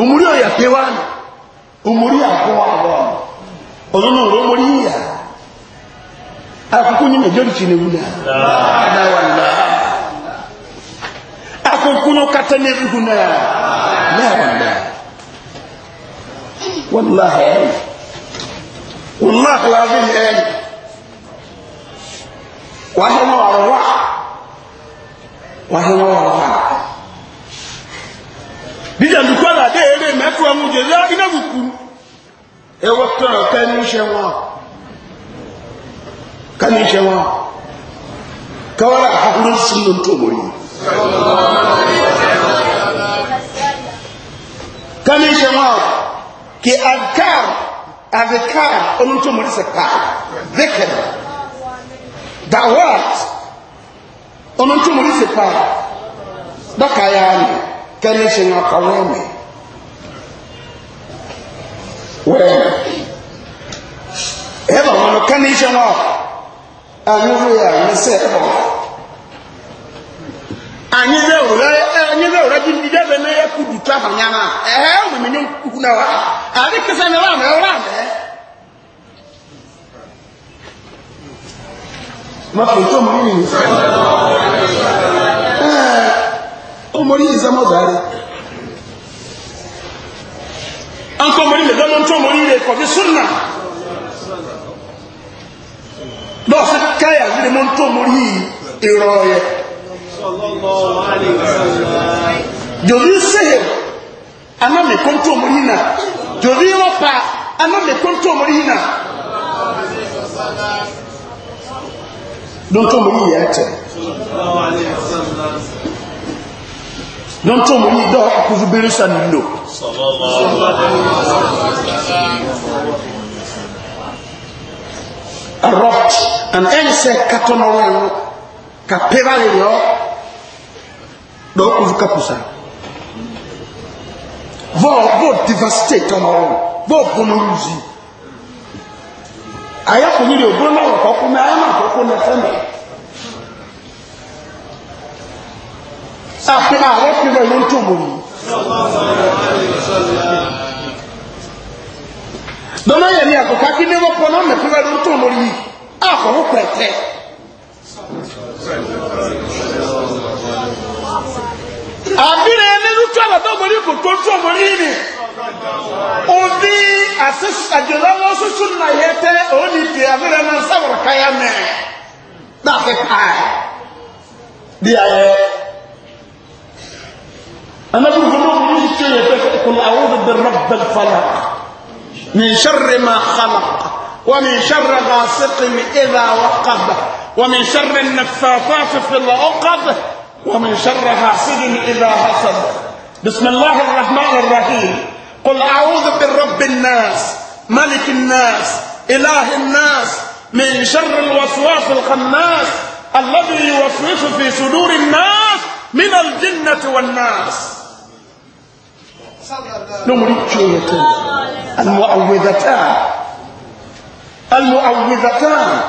òmùrí ọ̀yà pé wá nù òmùrí àgọ́ àbọ̀ ọ̀nà òrò mọ̀rí yíyà akókó ní mẹjọ́rìtì ni
wúlà láwàlá
akókó ní kátà ní ewu náà
láwàlá. والله علم
والله العظيم علم وهي نوع وهي نوع bíjà lùkọ́ àdé eré mẹ́tò ẹ̀mú na iná bùkú ẹwọ́ tọ́rọ kẹ́ni iṣẹ́ wọn kẹ́ni iṣẹ́ wọn kẹwàá àkókò ke adkar adkar onun tó mọ̀rí sẹ̀pá zikir dawat onun tó mọ̀rí sẹ̀pá dọ́kà yá ni kẹ́lẹ́ ṣe ń akọ̀wé mi wẹ́ẹ̀ ẹ̀ bọ̀ wọn kẹ́lẹ́ ṣe wọn àyẹ̀wò yà anyị ze ụra e, anyị ze ụra jiri jide na-eya kudu ahụ anya na ehe omume ukwu na ụra adị kesa na ụra ụra mee otu omume Ee omori omori le zama ntọ omori le kọfi sunna kaya omori jovi sehe ana me kɔntu the yi na jovi rɔpa ana me kɔntu omo yi Don't dɔntɔn omo yi yɛ ɛtɛ dɔntɔn omo yi dɔ kuzu bere sa nino a rot an ɛn sɛ katɔnɔwɛn ka peba le yɔ dɔw kun fi ka kusa vɔɔ vɔɔ diversité tɔmɔ vɔɔ bɔnɔ luzi a y'a kun yi de o bɔnɔ kɔ kun mɛ a y'a ma kɔ kun na fɛn bɛɛ a kuma a yɛrɛ kun bɛ yen tó mɔ yi. dɔnɔ yɛ ni a ko k'a k'i ne bɔ kɔnɔ mɛ kun bɛ yen tó mɔ yi a kɔrɔ pɛrɛtɛ. ọmọdé kò tó tó ọmọdé ni òbí àjọlá wọn soso nà yẹ tẹ òní di abẹ́rẹ́ náà sábàrà káyà mẹ́
dàkí káyà
bí ayẹ. أنا أقول قل أعوذ برب الفلق من شر ما خلق ومن شر غاسق إذا وقب ومن شر النفاثات في العقد ومن شر حاسد إذا حسد بسم الله الرحمن الرحيم قل أعوذ برب الناس ملك الناس إله الناس من شر الوسواس الخناس الذي يوسوس في صدور الناس من الجنة والناس
نمري جيتين
المؤوذتان المؤوذتان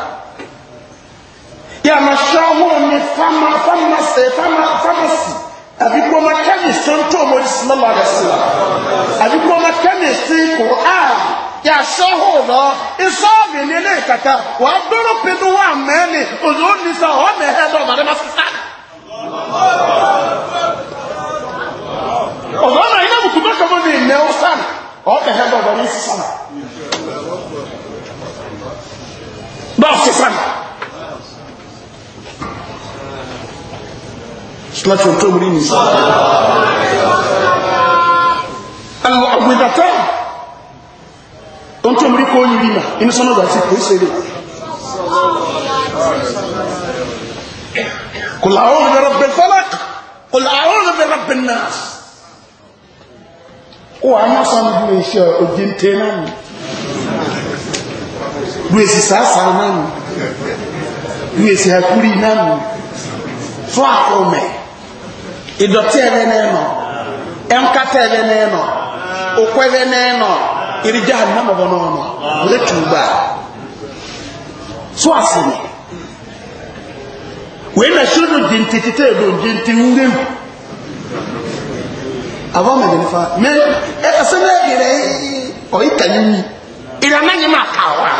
يا مشاهو من فما فما فما فما, فما àbíkú ọmọ kẹ́mìsì tó ọmọ ìsìnlọ́lọ́ àdẹ́sílá àbíkú ọmọ kẹ́mìsì kò á yà sọ́hó lọ ìsọ́ọ̀bì nílé ìkàkà wà á dúró pinnu wà mẹ́ni òzò ní sọ ọ́ mẹ́hẹ́ lọ màdé má sísá. ọ̀gá ọ̀nà iná bùkún tó kọ́ mọ́ mi ìnẹ́ ó sàn
ọ́ mẹ́hẹ́ lọ màdé má sísá.
bọ́ọ̀ sísá náà. sílẹ̀tì ọ̀tọ́ mú ní alwọ̀gbẹ̀dàtà ọ̀tọ́ mú ní kó yìí rínà inú sọ́nà àti kò ṣeré قل أعوذ برب الفلق قل أعوذ برب الناس وأنا صنع بيش أجين تنان بيش ساسا نان بيش هكوري نان فاقومي ìdọ̀tí ẹ̀rẹ́ nẹ́ẹ̀nà ẹ̀mkátà ẹ̀rẹ́ nẹ́ẹ̀nà òkú ẹ̀rẹ́ nẹ́ẹ̀nà ìrìjà ànámọ̀bọ̀ nọ́ọ̀nà lẹ́tùgbà tó àsìmì wèé na ṣúdù jìntì títẹ̀ èdò jìntì wúrẹ́ mu àwọn ọmọ ìdílé fa mẹ ẹ ẹsẹ náà yẹrẹ ọyí kàní mi ìrìn anáyẹ máa kà wá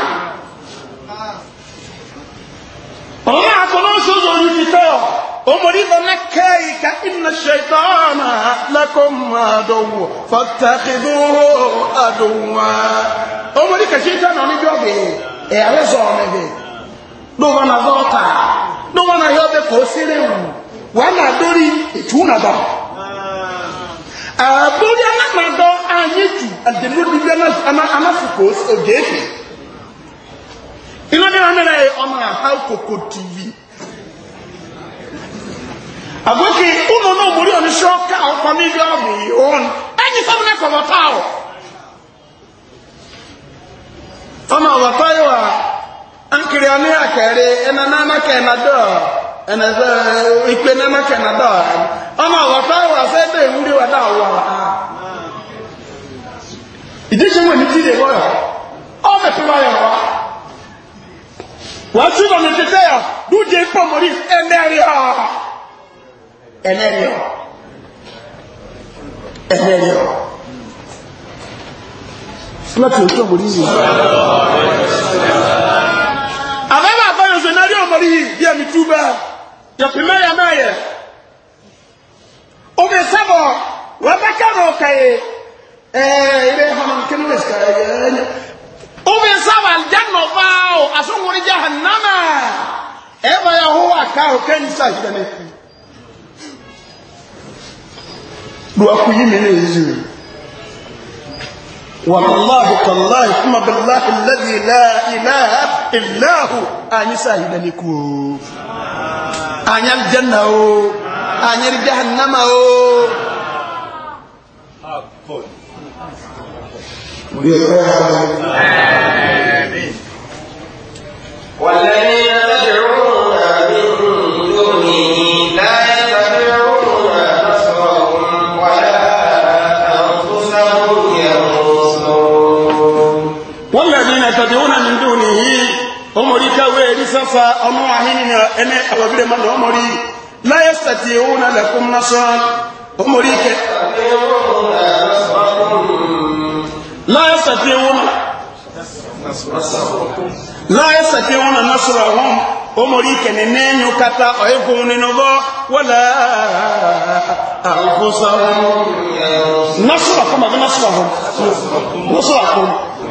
ọ̀rọ̀ àkọ́nà ṣoṣo ní títẹ̀ ọ̀. أمرض نكايك إن الشيطان لكم عدو فاتخذوه عدوا أمرض الشيطان أن يجوبي إعلى زومي لو أنا ضغطا لو أنا يوبي كوسيرم وأنا دوري إتونا ضغط àbórí alágbàdọ àyèjù àdèmódìbí anáfòkò ògèèfì iná ní wọn mẹrẹ ọmọ àhá kòkò tìvì àbókè ọmọ náà mórí ọ̀nà iṣẹ́ ọ̀ka ọ̀pọ̀ níbi ọ̀bì òun ẹ̀yìn sọ́dún ẹ̀kọ́ wọ̀tá ọ̀ ọmọ wọ̀tá yìí wà ankiri ọ̀nà àkẹ́rẹ́ ẹ̀nà nánà kẹ́nà dọ̀ ẹ̀nà sẹ́ ìpè nánà kẹ́nà dọ̀ ọmọ wọ̀tá yìí wà sẹ́dọ̀ ìwúrí wà dà wọ̀ ìdíje wọn ní jíde wọ́yọ̀ ọmọ ẹ̀fẹ́ wáyọ̀ wá wàá sí ọmọ ìfẹ́ yà dúdé pọ̀ mọ́rí ẹ̀mẹ́rin ọ̀ọ́ ẹnẹrìọ ẹnẹrìọ láti ojú ọmọdé yìí. àbẹ́bà àbáyọ̀ sọ náírà ọmọdé yìí bí ẹ̀mí tú bá yọ̀pì mẹ́yà náà yẹ. omi sábọ̀ wọ́n bá kẹ́rù ọ̀kà yìí ẹ̀ẹ́ ilé ìhàmà kí ló lè ṣe ẹ̀ ẹ̀ omi sábọ̀ àlìjáná ọ̀fà ọ̀ àsọ̀wọ́n ní jahannama ẹ̀ yà hó àká ọ̀kẹ́ sáà ìdáná ẹ̀kú. لأقيم الإنزيل والله تالله ثم بالله الذي لا إله إلا هو أني ساهد لكو أني الجنة أني الجهنم
والذين تدعون
sa ɔno ahene na ɛne awabire ma na ɔmɔri la yɛ sati ewu na lɛkum na so ɔmɔri kɛ la yɛ sati ewu na la yɛ sati ewu na na so ɔhom ɔmɔri kɛ ne ne kata ɔyɛ gun ne no bɔ wala ahosuo na so ɔhom na so ɔhom na so ɔhom.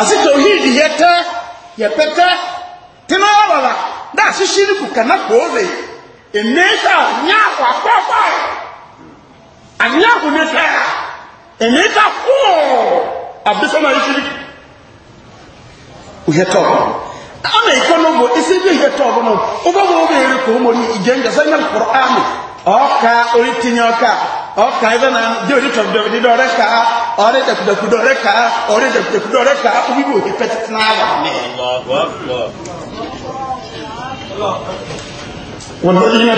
asi tauhidi yɛtɛ yɛpɛtɛ tena awala na asi shiriku kana kpoore enesa nyaahu akpɔkpɔ anyaahu nesa enesa kuu abisoma yi shiriku yɛtɔ ama ikɔnɔ bɔ esi bi yɛtɔ bɔ no o bɛ bɔ o bɛ yɛrɛ kɔn mo ni jɛn jasa nyɛ kɔrɔ ami ọka oritinye ọka ọka ebe na dị orito dọbidi dọre ka ọrị e dakudaku dọre ka ọrị e dakudaku dọre ka obibi oke petiti n'ala والذين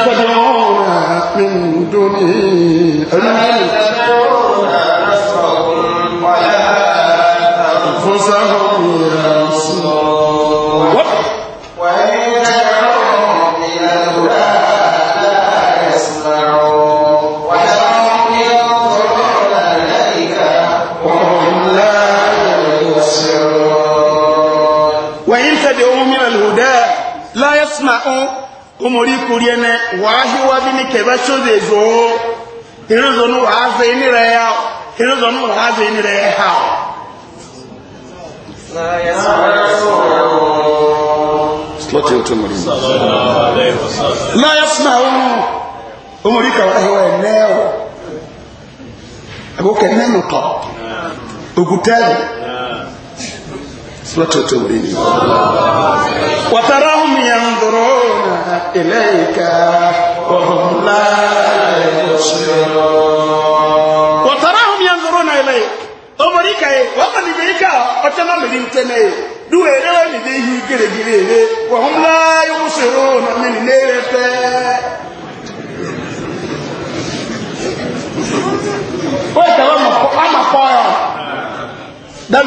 o omori kurie ne waahiwa bi ni kɛbɛ soze zoo hiruzo nu waaze ya hiruzo nu waaze ni ha
Naya la
yasuma o omori ka waahiwa ɛnɛ o a ko kɛ nɛnu
sọ́tò tó rí ni.
wàtàrà ń yàn dúró
ilé ìka ọ̀hún láàyè lọ́sọ̀rọ̀.
wàtàrà ń yàn dúró ilé ọmọdé ka yẹ wọ́n kàn níbi ìka ọ̀tẹ́ náà mìíràn tẹ́lẹ̀ yẹ dúwọ̀ èrè wọ́n níbi ihi gèrègèrè yẹ ọ̀hún láàyè lọ́sọ̀rọ̀ nà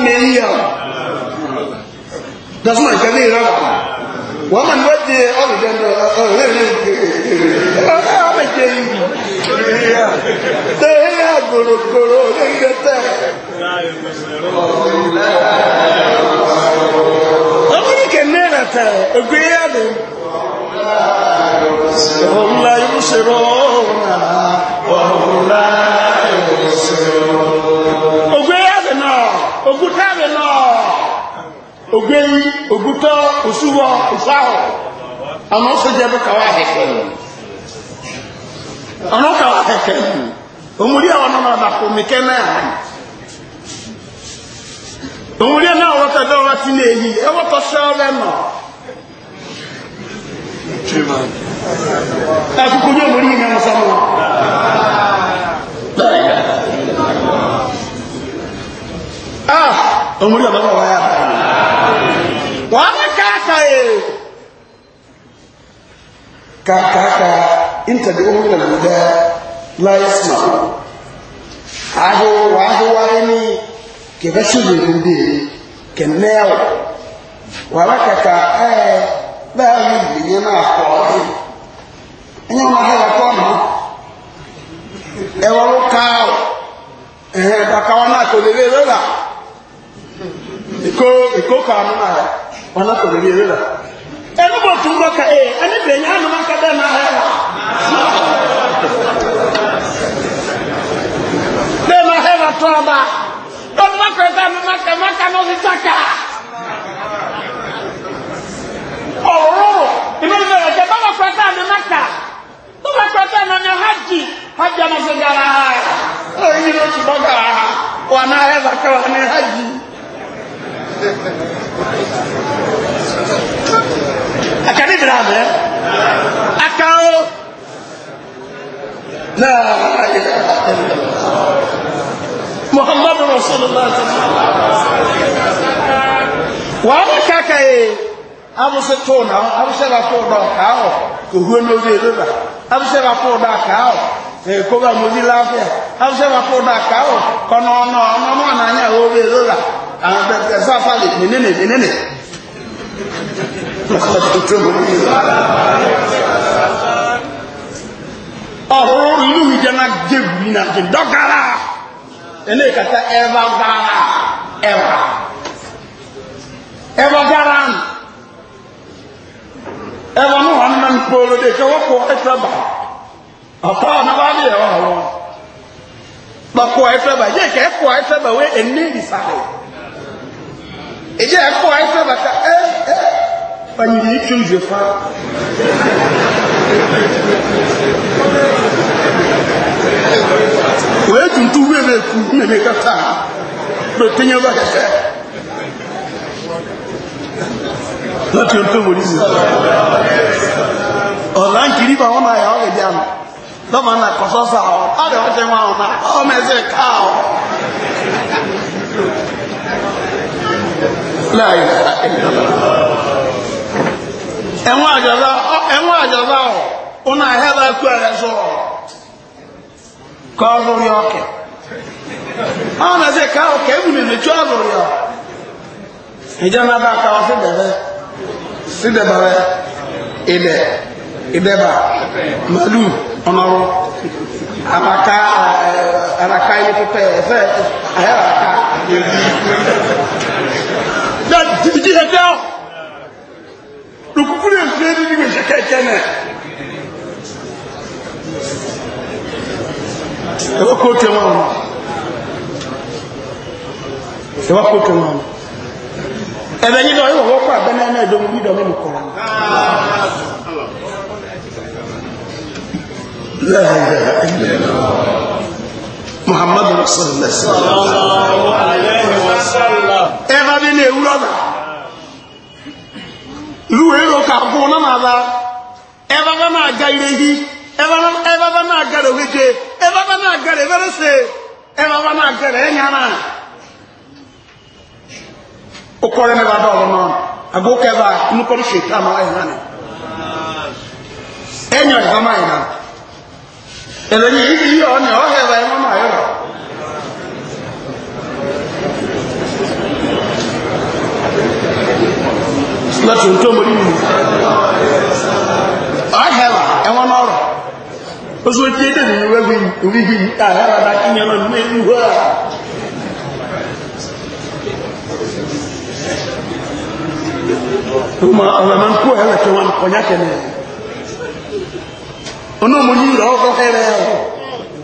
mí nílé dasuma nka ne yɛrɛ wa wa ma ni wa je ɔlu jɛ ndɔ ɔlu yɛrɛ yɛrɛ ɔlu yɛrɛ ma je yi te ya gorogoro ne yɛrɛ tɛ. ɔmɔdi kɛ ne yɛrɛ tɛ egbe ya de.
Wàhùn la yóò ṣe rọ̀ ọ̀nà, wàhùn la yóò ṣe rọ̀
ogbeyi ogutɔ osuwɔ osahɔ ɔnà sojɛ bɛ kawa hɛkɛ mu ɔnà kawa hɛkɛ mu omuli awo nana adako mikɛ n'ayi omuli awo n'awo tɛ dɔw ati n'eyi ɛwɔ tɔ sɛw bɛ nɔ ɛkuku nye omuli yi n'amusa mu ah omuli awo n'awo ya. kàkàkà ìntàdé ohun ìlànà ìdá láìsìmà ahịwà ahịwà ẹni kẹfẹsùlù ìdè kẹnẹẹwà wàrà kàkà ẹ bẹẹ ní ìgbìyẹn náà kọ ọdún ẹnyẹ wọn
ahịwà kọ ọmọ
ẹwà ló ká ọ ẹhẹ bàkà wọn náà kò lè lè lọ́la ìkó ìkó kà ọmọ náà wọn náà kò lè lè lọ́la ẹnu bọ̀ tún bọ̀ ka ee ẹni bẹ̀rẹ̀ ní ànàmọ́ nka bẹ́ẹ̀ máa hẹ́ wa. bẹ́ẹ̀ máa hẹ́ wa tọ́ ọba ọdún máa kọ̀ ẹ́ta máa kà máa kà náà fi sàkà. ọ̀rọ̀ ìbẹ̀rẹ̀ bẹ̀rẹ̀ jẹ́ bá máa kọ̀ ẹ́ta ní máa kà tó máa kọ̀ ẹ́ta ní ọ̀nyà hajj hajj àmọ́ sí gara ha oyin ló ti bọ́ gara ha wà náà hẹ́ wa kẹ́ wa ní hajj aka ne bra mɛ aka o muhammadu rasulillah wa ama kaka ye amusa tó na amusa ba tó na ɔka o ohuo na obi ebe ba amusa ba tó na ɔka o ekoba mo di lafiya amusa ba tó na ɔka o kɔnɔ ɔnɔ ɔnɔ ɔnanya obi ebe ba ɛsɛ afa le menene menene ọ̀rọ̀ inú ìjẹna jẹ́gù ní àjẹ́ dọ́gara ẹ̀lẹ́ ìkàtà ẹwà gara ẹwà ẹwà gara ẹwà ní wọn nan kpọrọ dé kẹwọ́ kọ ẹfẹ́bà ọ̀pọ̀ ọ̀nàbà ní ẹwà ọ̀rọ̀ kpọkọ ẹfẹ́bà yẹ kẹ ẹkọ ẹfẹ́bà wẹ́ ẹnẹ́ ìsàlẹ̀
ẹjẹ ẹkọ ẹfẹ́bà ká ẹ
anyiri itu nze fa
wee tuntu webe ku mmemme kata n'otenye ba kẹkẹ láti ohun tó wò ní sísè ọ̀la nkiri bá wọn ayà ọ̀rẹ́ bíi àná lọ́mọ náà kọ́sọ́ sá ọ ọ̀rẹ́ ọ̀jẹ̀ wọn àwọn náà ọmọ ẹ̀sẹ̀ ká ọ.
láyé láyé lọ́la.
ẹ̀wọ̀n àjọ̀dá ẹ̀wọ̀n àjọ̀dá ọ̀ ọ̀ náà hẹ́bà kú ẹ̀rẹ́ ọ kọ́ lórí ọkẹ̀ ọ̀n náà sẹ́ ọ kẹ́bù nìyẹn tí ó lórí ọ̀ ìjọ náà bá káwọ́ sí dẹ̀bẹ́ sí dẹ̀bẹ́ ilẹ̀
ìdẹ́bà màlú ọ̀nọ́rọ̀ àbàká na ilé pípẹ́ ẹ̀fẹ́
lukukuru yẹn fi ẹni nígbà ìṣẹ̀kẹ́ ẹ̀kẹ́ náà ẹwà kó tẹ wọn ọ̀nà ẹwà kó tẹ wọn ọ̀nà ẹ̀bẹ̀ yìí náà yíwọ̀ wọ́pọ̀ àbẹ́nà náà ìdóhun bí ìdọ̀mí mi muhammadu sallallahu alaihi wasallam ẹ̀ma bí ní ewúrọ̀ náà ruwero kafu na maza ebaba na agairehi ebaba na agara weke ebaba na agara everese ebaba na agara enyana ukore ne baba ọlọmọ agoke ba nnukwu ọrụ sheta ma ọhịa ha enyo ọhịa na. ọhịa ebe nye ihe ọ na ọhịa ebe ọhịa ma ọhịa láti ohun tó mọ̀ nínú ọ̀hẹ́wà ẹwọ́n ọ̀rọ̀ ó sọ tí èdè ní wẹ́gbẹ̀ orígbì àhẹ́wà
bá kí yẹn lọ́nà nínú wà ọmọ ọmọ kó
ẹ̀rẹ̀ tí wọ́n kọ̀ nyákẹ̀ẹ́ ọ̀nà mọ̀ ní ìrọ̀ ọkọ̀ ẹ̀rẹ̀ ẹ̀rọ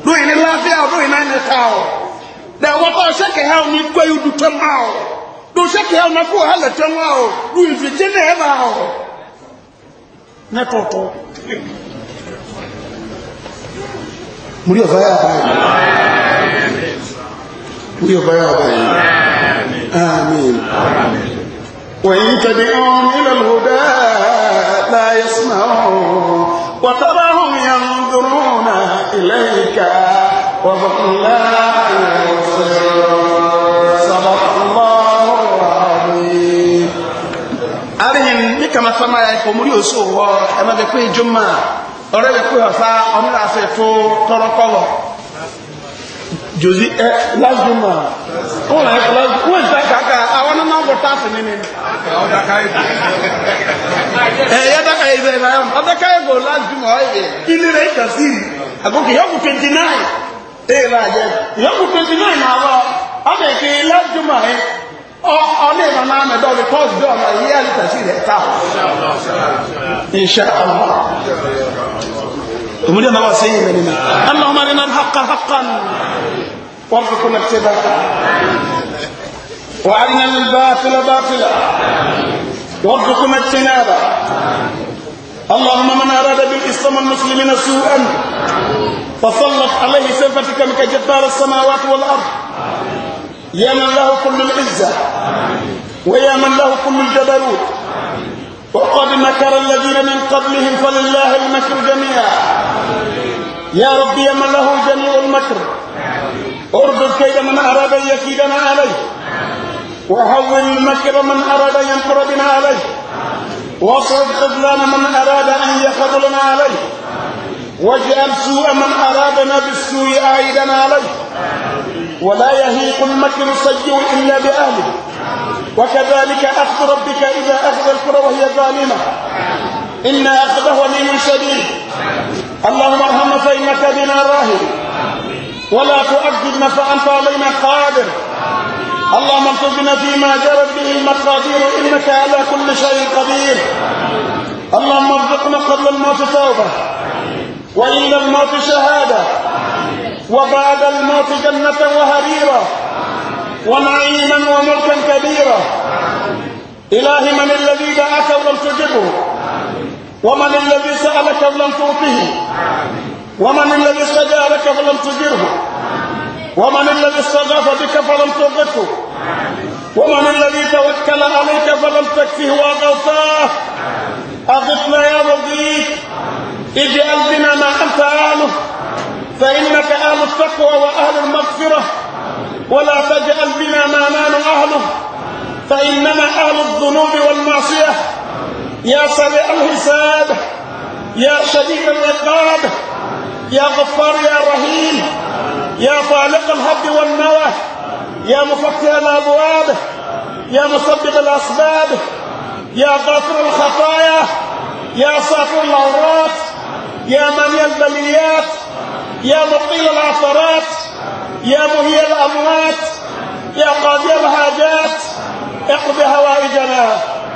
lóyìn ní láfíà lóyìn náà ní ká ọ̀ to shake ya na ko hala tanwa o lu ife jene e ba o na toto muri ofa ya ba
muri ofa ya ba amin وإن تدعوهم إلى الهدى لا يسمعون وتراهم ينظرون إليك وهم لا يبصرون na fama ya ko muri oso wo e ma
be ko ijuma ore be ko sa omi la se to toro kolo jozi e last juma o la e last wo ta ka ka awon na go ta se ni ni e ya da kai be na o da kai go last juma o ye ile re ta si ago ke yo ko 29 e la je yo ko 29 na wa o be ke last juma e
أمير
أمام دور الكوز دور الهيال إن شاء الله ثم لنا وسيم لنا اللهم لنا الحق حقا وارفقنا اكتبا وعلنا الباطل باطلا وارفقنا اجتنابا اللهم من أراد بالإسلام المسلمين سوءا فصلت عليه سيفتك من كجبار السماوات والأرض يا من له كل العزة ويا من له كل الجبروت وقد مكر الذين من قبلهم فلله المكر جميعا يا رب يا من له جميع المكر اربط كيد من أراد أن يكيدنا عليه وهون المكر من أراد أن ينكر بنا عليه واصرف خذلان من أراد أن يخذلنا عليه واجعل سوء من أرادنا بالسوء عائدا عليه ولا يهيق المكر السيء إلا بأهله وكذلك أخذ ربك إذا أخذ الكرة وهي ظالمة إن أخذه لي شديد اللهم ارحمنا فإنك بنا راهب ولا تؤجلنا فأنت علينا قادر اللهم ارزقنا فيما جرت به المقادير إنك على كل شيء قدير اللهم ارزقنا قبل الموت توبة وإلى الموت شهادة وبعد الموت جنة وهريرا ونعيما وملكا كبيرا إله من الذي دعاك ولم تجبه ومن الذي سألك ولم تعطه ومن الذي استجارك فلم تجره ومن الذي استغاث بك فلم تغفه ومن الذي توكل عليك فلم تكفه وأغفاه أغفنا يا رضيك اجعل بنا ما أنت أعلم فإنك أهل التقوى وأهل المغفرة ولا تجعل بنا ما نال أهله فإننا أهل الذنوب والمعصية يا سريع الحساب يا شديد العقاب يا غفار يا رحيم يا فالق الهد والنوى يا مفتح الأبواب يا مسبب الأسباب يا غافر الخطايا يا صافر العورات يا من البليات يا مقضي العثرات يا مهي الأموات يا قاضي الحاجات اقض هوائجنا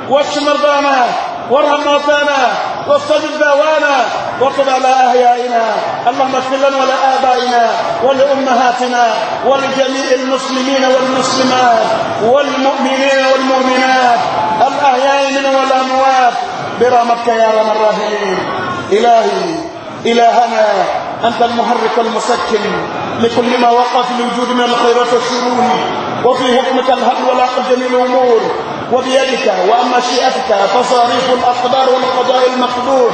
واشف مرضانا وارحم موتانا واستجب دعوانا واقض على أحيائنا اللهم اغفر لنا ولآبائنا ولأمهاتنا ولجميع المسلمين والمسلمات والمؤمنين والمؤمنات الأحياء من والأموات برحمتك يا أرحم الراحمين إلهي إلهنا أنت المحرك المسكن لكل ما وقع في الوجود من الخيرات والشرور وفي حكمك الهل والعقل جميع الأمور وبيدك وأما شيئتك تصاريف الأقدار والقضاء المقدور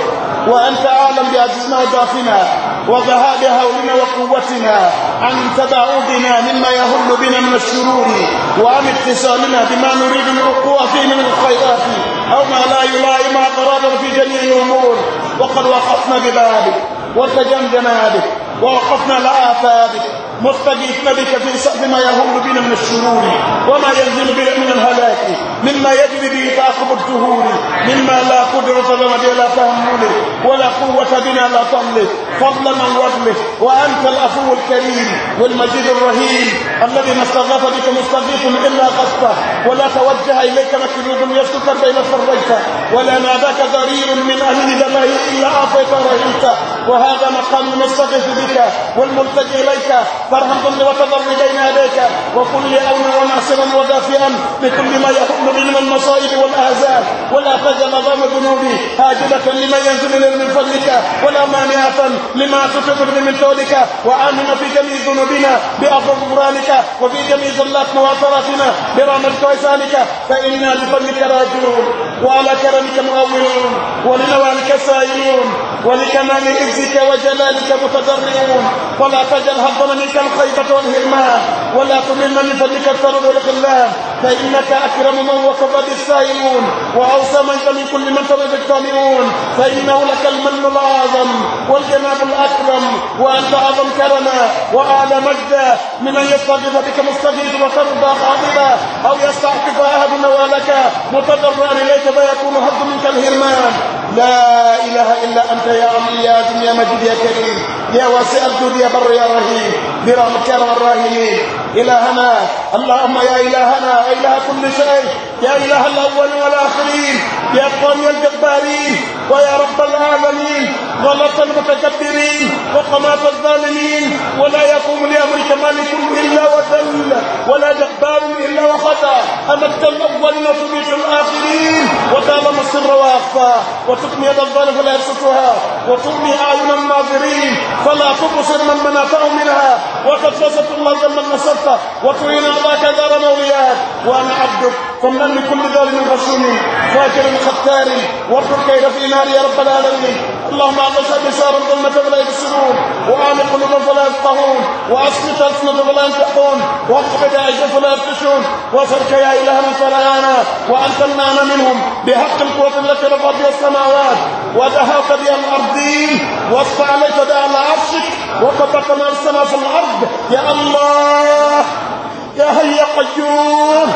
وأنت أعلم بأجزنا وضعفنا وذهاب هولنا وقوتنا عن تباعدنا مما يهل بنا من الشرور وعن اتصالنا بما نريد من الوقوع فيه من الخيرات أو ما لا يلائم أقرارا في جميع الأمور وقد وقفنا بذلك وتجمجم به ووقفنا لها ثابت مستجيثنا بك في سأل ما يهول بنا من الشرور وما ينزل بنا من الهلاك مما يجري به تعقب الدهور مما لا قدرة لنا بلا تهمله ولا قوة بنا لا تملك فضلا من وضله وأنت الأفو الكريم والمجيد الرهيم الذي ما استغاث بك مستغيث إلا غصته ولا توجه إليك مكذوب يشكك إلا فريته ولا ناداك ضرير من أهل دمه إلا أعطيت رهيته وهذا مقام نستغيث به بك والملتج إليك فارحم ضمي وتضر بين يديك وكن لي أونا وناصرا ودافئا بكل ما يهم بي من المصائب والآزال ولا خجل ظلم ذنوبي هاجبة لما ينزل لي من فضلك ولا مانعة لما تفضل من تولك وآمن في جميع ذنوبنا بأفضل غفرانك وفي جميع ذلات مواصراتنا برحمة كويسانك فإنا لفضلك راجعون وعلى كرمك مؤولون ولنوالك سائلون ولكمال عزك وجلالك متضرعون خير ولا تجعل هب منك الخيبة والهرمان ولا تمن من فضلك الثرب والخلان فإنك أكرم من وكفى بالسائلون وأوصى منك من كل من ترد التامرون فإنه لك المن الأعظم والجناب الأكرم وأنت أعظم كرما وأعلى مجدا من أن يستغيث بك مستغيث وترضى خاطبا أو يستعطف أحد نوالك متضرعا إليك فيكون هب منك الهرمان لا إله إلا أنت يا عمي يا دنيا يا يا كريم يا واسع الجود يا بر يا رحيم برحمتك والراحمين إلهنا اللهم يا إلهنا إله كل شيء يا إله الأول والآخرين يا قوي الجبارين ويا رب العالمين غلط المتكبرين وقناة الظالمين ولا يقوم لامر مالك إلا وذل ولا جبار إلا وخطأ أمكت الأول وتبيت الآخرين وتعلم السر وأخفى وتقني يد الظالم فلا يبسطها وتغني أعين الناظرين فلا تبصر من منافع منها وقد فصلت الله من نصرت وتعين أباك دار مولياك وأنا عبدك فمن لكل دار من رسول فاكر ختار واترك كيد في نار يا رب العالمين اللهم أغشى بشار الظلمة فلا يكسرون وامن قلوبهم فلا يفقهون وأسقط ألسنة فلا ينفقون واقبض أعجب فلا يفتشون وصلك يا إله من سرعانا وأنت المعنى منهم بحق القوة التي رفعت بها السماوات وذهبت بها الأرضين واصفى عليك داء عرشك وقد ما السماء في الأرض يا الله يا هيا قيوم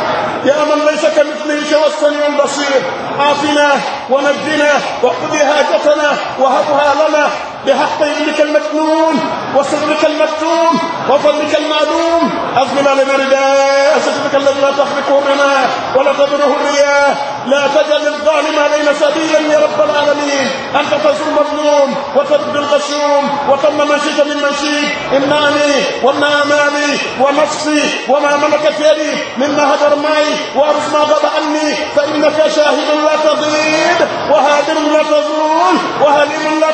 يا من ليس كمثله شيء والسميع البصير عافنا ونجنا وخذ هاجتنا وهبها لنا بحق ابنك المكنون وصدرك المكتوم وفضلك المعلوم أغفر على برداء سترك الذي لا تخرقه بنا ولا تدره الرياح لا تجعل الظالم علينا سبيلا يا رب العالمين أنت تزور المظلوم وتدبر الغشوم وتم من شئت من من شئت وما أمامي ونفسي وما ملكت يدي مما هدر معي وأرز ما غاب عني فإنك شاهد لا تضيد وهادر لا تزول وهل من لا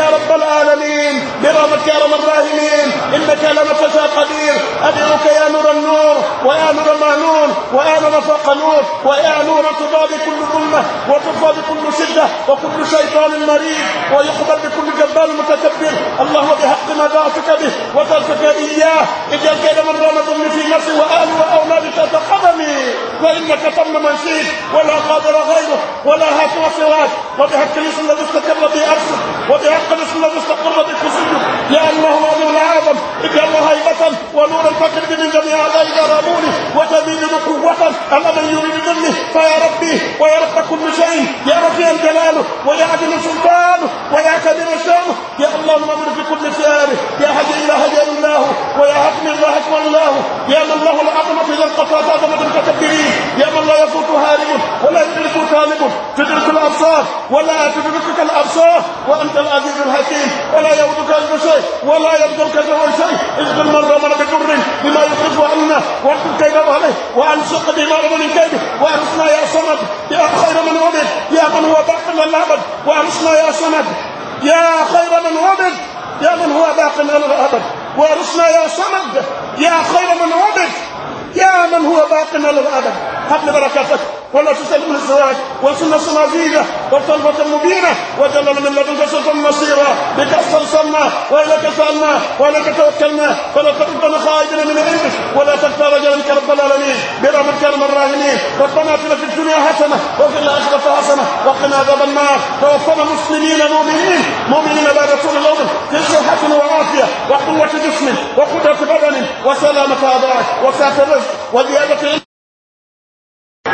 يا رب العالمين برحمتك يا رب الراحمين إن كلامك يا قدير أدعوك يا نور النور ويا نور المعنون ويا فوق نور ويا نور تضادي كل ظلمة وتضادي كل شدة وكل شيطان مريض ويقبل بكل جبال متكبر الله بحق ما دعتك به وتركك إياه اجعل كيد من رام ظلم في نفسي وآل وأولادي تحت قدمي وإنك ثم من شئت ولا قادر غيره ولا هاتوا سواك وبحق الاسم الذي استقر به أرسل وبحق الاسم الذي استقر به خصيه لأنه هو العالم جل هيبة ونور الفقر من جميع عليك راموني وتزيدني قوة على من يريد مني فيا ربي ويا رب كل شيء يا رفيع الجلال ويا عدل سلطان ويا كبير الشام يا الله امر في كل شعر يا هدي الى هدي الله ويا حكم الله حكم الله يا من له العظمة اذا انقطعت عظمة المتكبرين يا من لا يفوت هارب ولا يدرك طالب تدرك الابصار ولا تدركك الابصار وانت العزيز الحكيم ولا يودك شيء ولا يبدو كذا شيء اشغل المرء ومرة كر بما يخرجه عنا واكل كيده عليه وان شق دماغه من كيده وارسنا يا صمد يا خير من وبد يا من هو باق الابد وارسنا يا صمد يا خير من وبد يا من هو باق الابد وارسنا يا صمد يا خير من وبد يا من هو باق الى الابد لي بركاتك ولا تسلم الزواج وسنة عزيزة وطلبة مبينة وجلل من لدنك سلطان نصيرا بك استرسلنا وإليك سألنا وإليك توكلنا فلا تردنا خائبنا من علمك ولا تكفى رجلك رب العالمين برغم كرم الراحمين ربنا اتنا في الدنيا حسنة وفي الآخرة حسنة وقنا عذاب النار توفنا مسلمين مؤمنين مؤمنين لا رسول الله في صحة وعافية وقوة جسم وقدرة بدن وسلامة أباك وسعة رزق وزيادة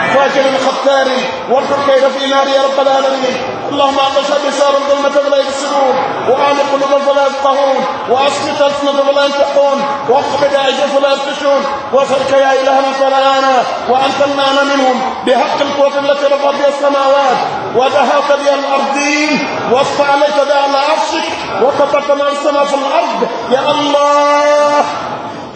فاجر الخفار وارزق كيد في نار يا رب العالمين اللهم اقش بسار الظلمة فلا يبصرون واعمق قلوب فلا يفقهون واسقط السنة فلا ينطقون واخفض داعش فلا يبطشون وفرك يا الهنا فرعانا وانت المعنى منهم بحق القوة التي رفعت بها السماوات وذهبت بها الارضين واصفى عليك بها على عرشك وقطعت مع السماء في الارض يا الله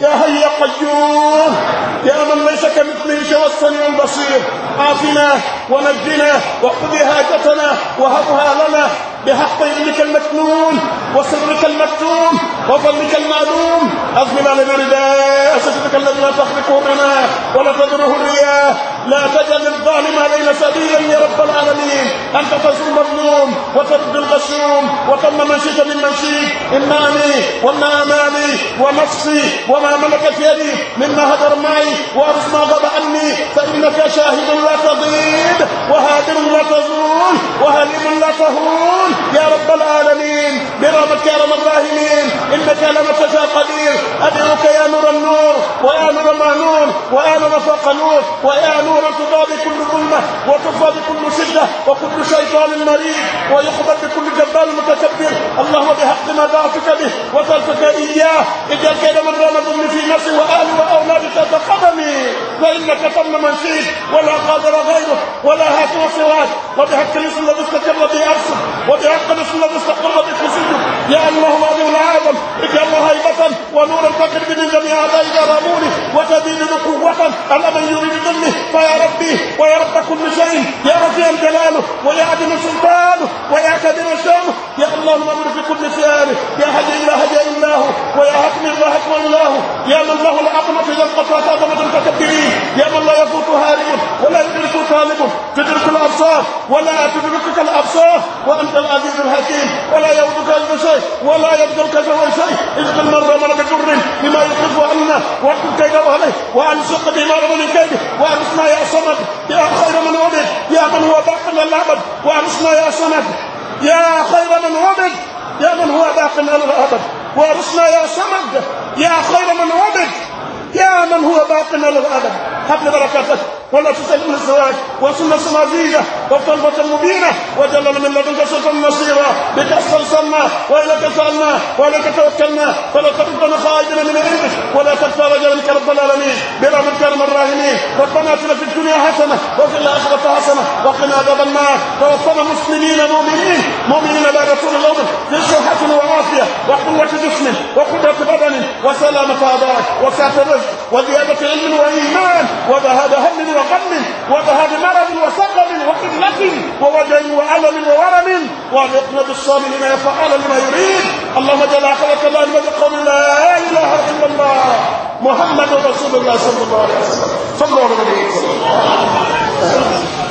يا هي يا قيوم يا من ليس كمثله شيء والسميع البصير عافنا ونجنا واقض هاجتنا وهبها لنا بحق ابنك المكنون وسرك المكتوم وفضلك المعلوم اغفر على برداك سجدك الذي لا تخلق بنا ولا تدره الرياح لا تجعل الظالم علينا سبيلا يا رب العالمين انت تزور المظلوم وترد الغشوم وتم من شئت من من شئت اما امي واما امامي ونفسي وما ملكت يدي مما هدر معي وارث ما غاب عني فانك شاهد لا تضيد وهادم لا تزول وهليم لا تهون يا رب العالمين برحمتك يا رب الراحمين انك لم تشاء قدير ادعوك يا نور النور نور ويا نظام نور ويا فوق نور ويا نورا تضاء بكل ظلمة وتخفى بكل شدة وكل شيطان مريض ويخبط بكل جبار متكبر اللهم بحق ما دعتك به وسألتك إياه اجعل كيد من رام ظلم في نفسي وأهلي وأولادي تحت قدمي وإنك تم من شئت ولا قادر غيره ولا هاتوا سواك وبحق الاسم الذي استقر به أرسل وبحق الاسم الذي استقر به خسده يا الله أبي العالم اجعل هيبة ونورا فقر من جميع هديك جرمونه وتزيدنا قوة على من يريد ظلمه فيا ربي ويا رب كل شيء يا رفيع الجلال ويا عدل سلطانه ويا كبير الشام يا اللهم الامر في كل شانه يا هدي لا هدي الله ويا حكم الله حكم الله يا من له العقل في القطعة عظمة المتكبرين يا من لا يفوت هارب ولا يدرك طالب تدرك الابصار ولا تدركك الابصار وانت العزيز الحكيم ولا يودك اي شيء ولا يبدوك كذا شيء اذ من رمى لك جر بما يخف عنا وكن كيد عليه وأن سقط إمام من كيده وأنصنا يا صمد يا خير من ولد يا من هو باق للأبد وأنصنا يا صمد يا خير من ولد يا من هو باق للأبد وأنصنا يا صمد يا خير من ولد يا من هو باق للأبد هب بركاتك ولا تسلم الزواج وسنة عزيزة وطلبة مبينة وجلل من لدنك سلطة نصيرا بك استرسلنا وإليك سألنا وإليك توكلنا فلا تردنا خائدنا من غيرك ولا تدفع رجلك رب العالمين برحمتك يا الراحمين ربنا اتنا في الدنيا حسنة وفي الآخرة حسنة وقنا عذاب النار توفنا مسلمين مؤمنين مؤمنين لا رسول الله في صحة وعافية وقوة جسم وقدرة بدن وسلامة أعدائك وسعة رزق وزيادة علم وإيمان وذهاب هم من وغم مرض وسقم وقدمة ووجع وألم وورم وألقنا بالصابرين يفعل لما يريد اللهم اجعل آخر كلامنا بقول لا إله إلا
الله محمد رسول الله صلى الله عليه وسلم صلى الله عليه وسلم